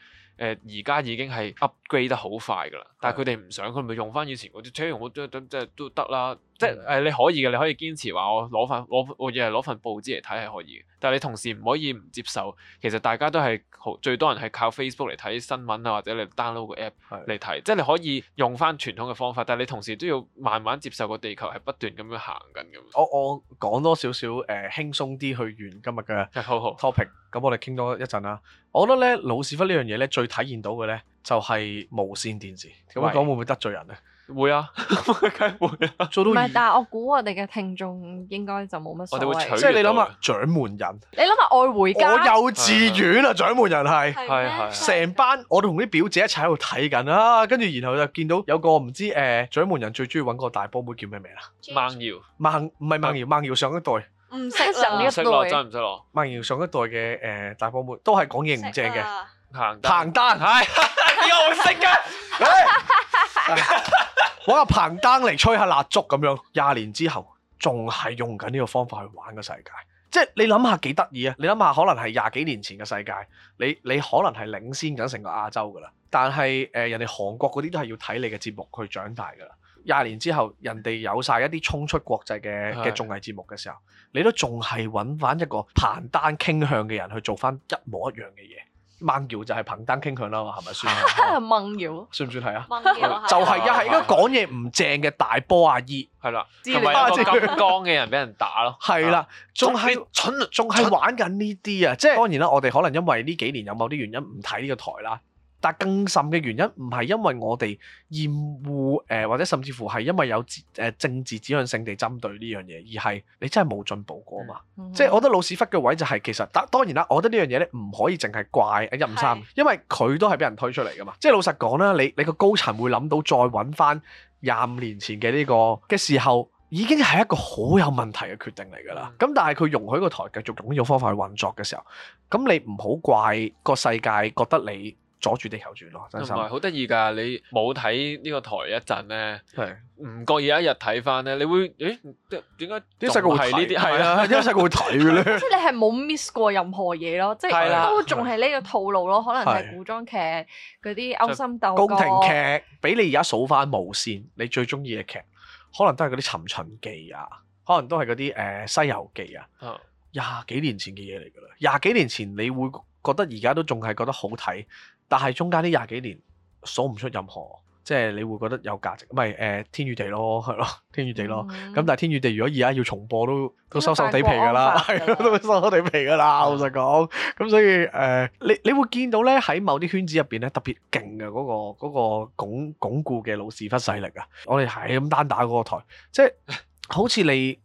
誒而家已經係 upgrade 得好快㗎啦，但係佢哋唔想佢咪是用翻以前嗰啲，聽我都即係都得啦。即係你可以嘅，你可以堅持話我攞份攞我日日攞份報紙嚟睇係可以嘅，但係你同時唔可以唔接受。其實大家都係好最多人係靠 Facebook 嚟睇新聞啊，或者你 download 個 app 嚟睇。的即係你可以用翻傳統嘅方法，但係你同時都要慢慢接受個地球係不斷咁樣行緊咁。我我講多少少誒，輕鬆啲去完今日嘅 topic 好好。咁我哋傾多一陣啦。我覺得咧，老屎忽呢樣嘢咧，最體現到嘅咧，就係、是、無線電視。咁樣講會唔會得罪人呢？會啊，梗係會啊，做到唔係，但係我估我哋嘅聽眾應該就冇乜所謂。即係你諗下，掌門人，你諗下愛回家，幼稚園啊，掌門人係係係，成班我同啲表姐一齊喺度睇緊啊。跟住然後就見到有個唔知誒，掌門人最中意搵個大波妹叫咩名啊？孟瑤，孟唔係孟瑤，孟瑤上一代唔識上一代，真係唔識咯。孟瑤上一代嘅誒大波妹都係講嘢唔正嘅，彭丹係，點解會識嘅？搵阿彭丹嚟吹下蠟燭咁樣，廿年之後仲係用緊呢個方法去玩個世界，即係你諗下幾得意啊！你諗下可能係廿幾年前嘅世界，你你可能係領先緊成個亞洲噶啦，但係誒、呃、人哋韓國嗰啲都係要睇你嘅節目去長大噶啦。廿年之後，人哋有晒一啲衝出國際嘅嘅的綜藝節目嘅時候，你都仲係揾返一個彭丹傾向嘅人去做翻一模一樣嘅嘢。孟瑤就係彭丹傾向啦嘛，係咪算， 瑤算，算？孟瑤算唔算係啊？孟瑤 就係啊，係一個講嘢唔正嘅大波阿姨，係啦、 啊，係咪即係剛嘅人俾人打咯？係啦、 啊，仲係在、啊、蠢，仲係玩緊呢啲啊！即係當然啦，我哋可能因為呢幾年有某啲原因唔睇呢個台啦。但更甚嘅原因唔係因為我哋厭惡，誒、呃，或者甚至乎係因為有誒、呃、政治指向性地針對呢樣嘢，而係你真係冇進步過嘛？嗯嗯、即係我覺得老屎忽嘅位就係、是、其實，當然啦，我覺得呢樣嘢咧唔可以淨係怪任三，是因為佢都係俾人推出嚟噶嘛。即係老實講啦，你你個高層會諗到再揾翻廿五年前嘅呢個嘅時候，已經係一個好有問題嘅決定嚟㗎啦。咁、嗯、但係佢容許個台繼續用呢種方法去運作嘅時候，咁你唔好怪個世界覺得你。阻住地球轉咯，真心係好得意㗎！你冇睇呢個台一陣咧，唔覺的意一日睇翻咧，你會誒點解啲細個會睇呢啲？係啊，因為細個會睇嘅咧。即係你係冇 miss 過任何嘢咯，即係的都仲係呢個套路咯。可能係古裝劇嗰啲的勾心鬥，宮廷劇俾你而家數翻無線，你最中意嘅劇，可能都係嗰啲《尋秦記》啊，可能都係嗰啲誒《西遊記》啊。廿幾年前嘅嘢嚟㗎啦，廿幾年前你會覺得而家都仲係覺得好睇。但係中間呢廿幾年數唔出任何，即係你會覺得有價值，唔係誒天與地咯，係咯天與地咯。咁、嗯、但係天與地如果而家要重播都都收收地皮噶啦，係 都收收地皮噶啦。老的實講，咁所以誒、呃、你你會見到咧喺某啲圈子入邊咧特別勁嘅嗰個嗰、嗰個鞏鞏固嘅老屎忽勢力啊，我哋係咁單打嗰個台，即係好似你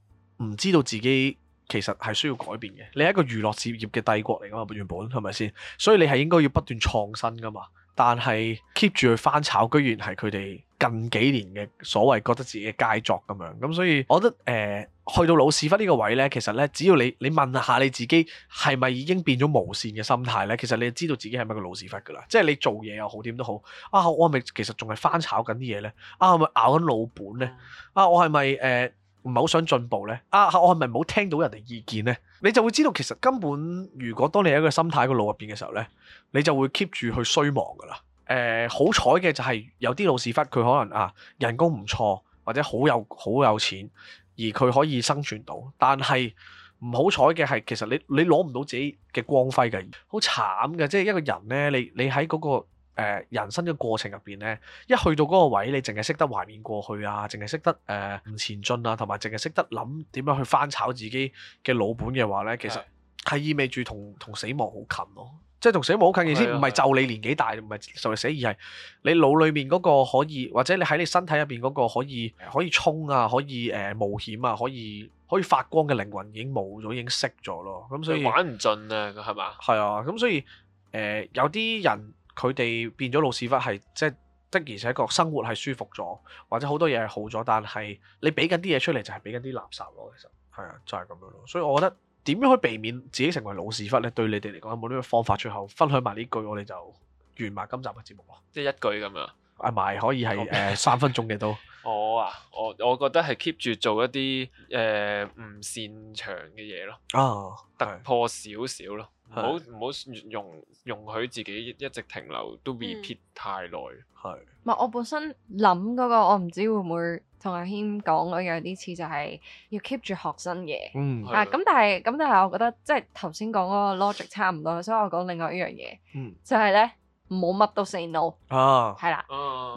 唔知道自己。其實係需要改變嘅，你係一個娛樂事業嘅帝國嚟噶嘛，原本係咪先？所以你係應該要不斷創新噶嘛。但係 keep 住去翻炒，居然係佢哋近幾年嘅所謂覺得自己嘅佳作咁樣。咁所以我覺得誒、呃，去到老屎忽呢個位呢，其實呢，只要你你問下你自己，係咪已經變咗無線嘅心態呢，其實你就知道自己係咪個老屎忽噶啦。即係你做嘢又好，點都好啊，我係咪其實仲係翻炒緊啲嘢呢？啊，我係咪咬緊老本呢？啊，我係咪誒？呃唔係好想進步呢。啊！我係咪冇好聽到人哋意見呢？你就會知道其實根本，如果當你喺一個心態個腦入邊嘅時候呢，你就會 keep 住去衰亡噶啦。誒、呃，好彩嘅就係有啲老屎忽佢可能啊，人工唔錯或者好有好有錢，而佢可以生存到。但係唔好彩嘅係其實你你攞唔到自己嘅光輝嘅，好慘嘅。即係一個人呢，你你喺嗰個。誒人生嘅過程入邊咧，一去到嗰個位，你淨係識得懷念過去啊，淨係識得誒唔前進啊，同埋淨係識得諗點樣去翻炒自己嘅老本嘅話咧，其實係意味住同同死亡好近咯，即係同死亡好近嘅意思，唔係就你年紀大，唔係就係死而係你腦裏面嗰個可以，或者你喺你身體入邊嗰個可以可以衝啊，可以誒、呃、冒險啊，可以可以發光嘅靈魂已經冇咗，已經熄咗咯。咁所以玩唔盡啊，係嘛？係啊，咁所以誒、呃、有啲人。佢哋變咗老屎忽，係即係的，而且確生活係舒服咗，或者好多嘢係好咗。但係你俾緊啲嘢出嚟，就係俾緊啲垃圾咯。其實係啊，就係咁樣咯。所以我覺得點樣可以避免自己成為老屎忽呢？對你哋嚟講，有冇呢個方法出口分享埋呢句？我哋就完埋今集嘅節目啊！即係一句咁樣，誒埋可以係誒三分鐘嘅都。 我啊，我我覺得係 keep 住做一啲誒唔擅長嘅嘢咯，啊、突破少少咯。唔好唔好容容許自己一直停留都 repeat、嗯、太耐，係。唔係我本身諗嗰個，我唔知會唔會同阿 Him 講嗰樣啲似，就係、是、要 keep 住學生嘢。嗯。啊，咁但係咁但係，我覺得即係頭先講嗰個 logic 差唔多，所以我講另外一樣嘢。嗯就呢。就係咧，冇乜都 say no。哦。係啦。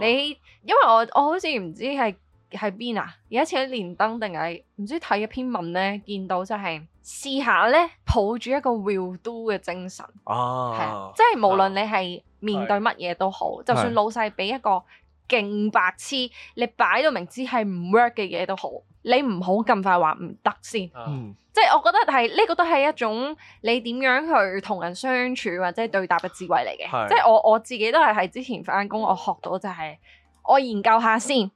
你因為我我好似唔知係係邊啊？有一次喺連登定係唔知睇一篇文咧，見到就係、是。試下咧，抱住一個 will do 嘅精神，係、oh, 啊，即係無論你係面對乜嘢都好，是就算老細俾一個勁白痴，是你擺到明知係唔 work 嘅嘢都好，你唔好咁快話唔得先，oh, 即係我覺得係呢、呢個都係一種你點樣去同人相處或者對答嘅智慧嚟嘅，是即係我我自己都係喺之前返工，我學到就係、是、我研究下先。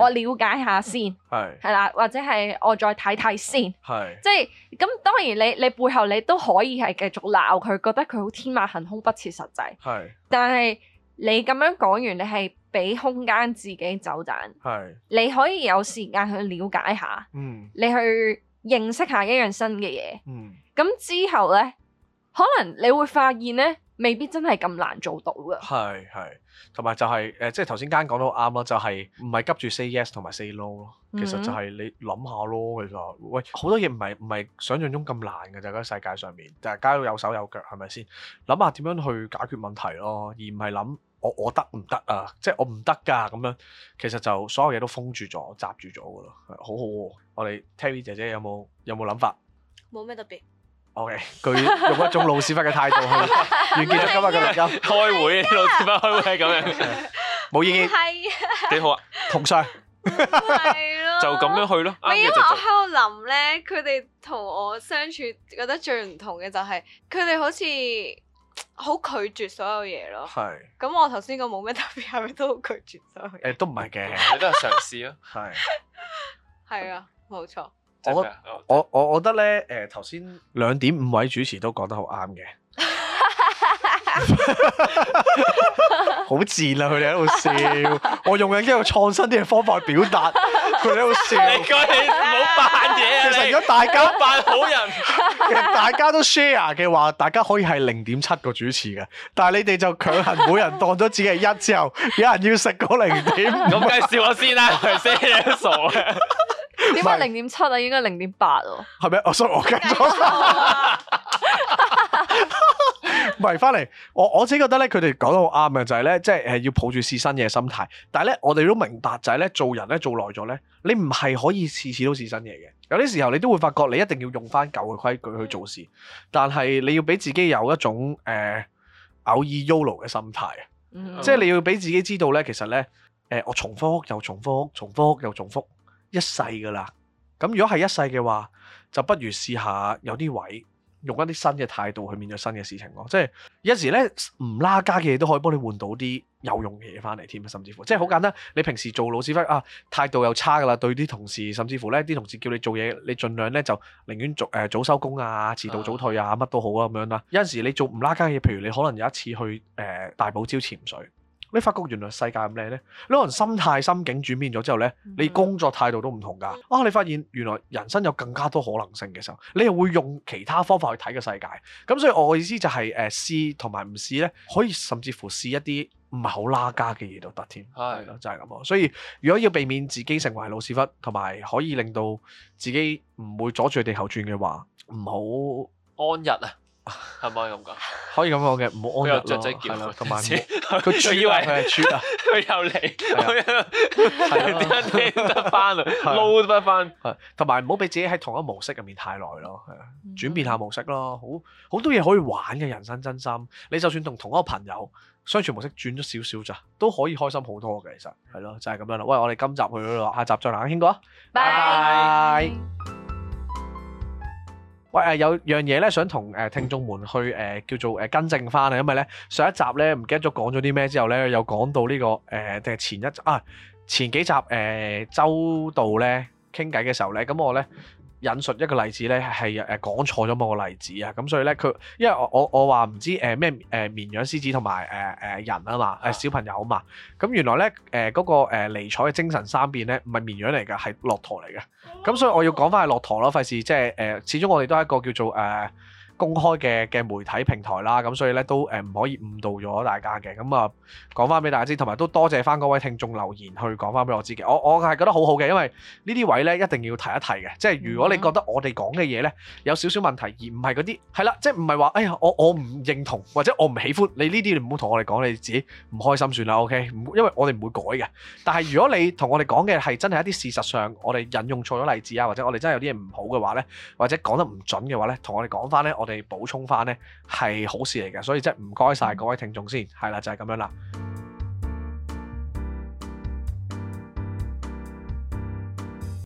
我了解下先，係啦的，或者係我再睇睇先，係的，即係咁。當然你你背後你都可以係繼續鬧佢，覺得佢好天馬行空不切實際，係的。但係你咁樣講完，你係俾空間自己走盞，係的。你可以有時間去了解下，嗯，你去認識下一樣新嘅嘢，嗯。咁之後咧，可能你會發現咧。未必真係咁難做到㗎，係係，同埋就係、是、誒、呃，即係頭先間講到啱啦，就係唔係急住 say yes 同埋 say no 咯、嗯哼，其實就係你諗下咯，其實，喂，好多嘢唔係唔係想像中咁難嘅，就喺世界上面，大家都有手有腳，係咪先？諗下點樣去解決問題咯，而唔係諗我我得唔得啊？即係我唔得㗎咁樣，其實就所有嘢都封住咗、閘住咗㗎咯，好好喎、啊。我哋 Terri 姐姐有冇有冇諗法？冇咩特別。OK，佢用一種老屎忽嘅態度去完結咗今日嘅錄音。開會啊，老屎忽開會係咁樣，冇意見，幾好啊，同晒。係咯，就咁樣去咯。我因為我喺度諗咧，佢哋同我相處覺得最唔同嘅就係，佢哋好似好拒絕所有嘢咯。係。咁我頭先講冇咩特別，係咪都好拒絕所有？誒，都唔係嘅，你都係嘗試咯。係，係啊，冇錯。我我我覺得咧，誒頭先兩點五位主持都講得好啱嘅，好賤啊！佢哋喺度笑，我用緊一個創新啲嘅方法去表達，佢哋喺度笑。你唔好扮嘢啊！你，如果大家扮好人， 其實大家都 share 嘅話，大家可以係零點七個主持嘅，但係你哋就強行每人當咗自己係一之後，有人要食個零點，咁梗係笑我先啦，係先嘢傻嘅。點解零點七啊？是應該零點八哦。係咪？ 我 sorry，我記錯。唔係翻嚟，我我自己覺得咧，佢哋講得好啱嘅就係、是、咧，即係誒，要抱住試新嘢嘅心態。但係咧，我哋都明白就係咧，做人咧做耐咗咧，你唔係可以次次都試新嘢嘅。有啲時候你都會發覺，你一定要用翻舊嘅規矩去做事。嗯、但係你要俾自己有一種誒、呃、偶爾 YOLO 嘅心態，即係、嗯嗯、你要俾自己知道咧，其實咧，誒、呃、我重複又重複，重複又重複。重複一世噶啦，咁如果係一世嘅話，就不如試下有啲位，用一啲新嘅態度去面對新嘅事情咯。即係有時咧唔拉家嘅嘢都可以幫你換到啲有用嘅嘢返嚟添，甚至乎即係好簡單。你平時做老師，反而啊態度又差噶啦，對啲同事甚至乎咧啲同事叫你做嘢，你盡量咧就寧願做、呃、早誒早收工啊，遲到早退啊，乜都好啊咁樣啦。有陣時你做唔拉家嘅嘢，譬如你可能有一次去誒、呃、大堡礁潛水。你發覺原來世界咁靚呢？你可能心態、心境轉變咗之後呢，你工作態度都唔同噶。啊，你發現原來人生有更加多可能性嘅時候，你又會用其他方法去睇個世界。咁所以我嘅意思就係、是、誒、呃、試同埋唔試呢，可以甚至乎試一啲唔係好拉家嘅嘢都得添。係的，就係咁啊。所以如果要避免自己成為老屎忽，同埋可以令到自己唔會阻住地球轉嘅話，唔好安逸啊。係咪咁講？可以咁講嘅，唔好安逸咯。係啦，同埋佢住位佢係住啊，佢又嚟，係點樣得翻啊？撈得翻。同埋唔好俾自己喺同一模式入面太耐咯。係啊，轉變下模式咯，好好多嘢可以玩嘅人生真心。你就算同同一個朋友相處模式轉咗少少咋，都可以開心好多嘅。其實係咯，就係咁樣啦。喂，我哋今集去到呢度，下集再傾過，拜拜。喂，有樣嘢咧，想同誒聽眾們去誒、呃、叫做誒更正翻啊，因為咧上一集咧唔記得咗講咗啲咩，之後咧又講到呢、呢個誒定係前一集啊前幾集誒、呃、周度咧傾偈嘅時候咧，咁我咧，引述一個例子咧係誒講錯咗某個例子啊，咁所以咧佢因為我我我話唔知誒咩誒綿羊獅、獅子同埋誒誒人啊嘛，誒、呃、小朋友啊嘛，咁、呃、原來咧誒嗰個、呃、尼采嘅精神三變咧唔係綿羊嚟㗎，係駱駝嚟嘅，咁所以我要講返係駱駝咯，費事即係誒，始終我哋都係一個叫做誒、呃公開嘅嘅媒體平台啦，咁所以咧都誒唔可以誤導咗大家嘅，咁啊講翻俾大家知，同埋都多謝翻嗰位聽眾留言去講翻俾我知嘅，我我係覺得好好嘅，因為呢啲位咧一定要提一提嘅，即係如果你覺得我哋講嘅嘢咧有少少問題，而唔係嗰啲係啦，即係唔係話哎呀我我唔認同或者我唔喜歡你呢啲，你唔好同我哋講，你自己唔開心算啦，OK，因為我哋唔會改嘅。但係如果你同我哋講嘅係真係一啲事實上，我哋引用錯咗例子啊，或者我哋真係有啲嘢唔好嘅話咧，或者講得唔準嘅話咧，同我哋講翻咧，我哋。係補充翻呢係好事嚟嘅，所以即係唔該晒各位聽眾先，係啦就係咁樣啦。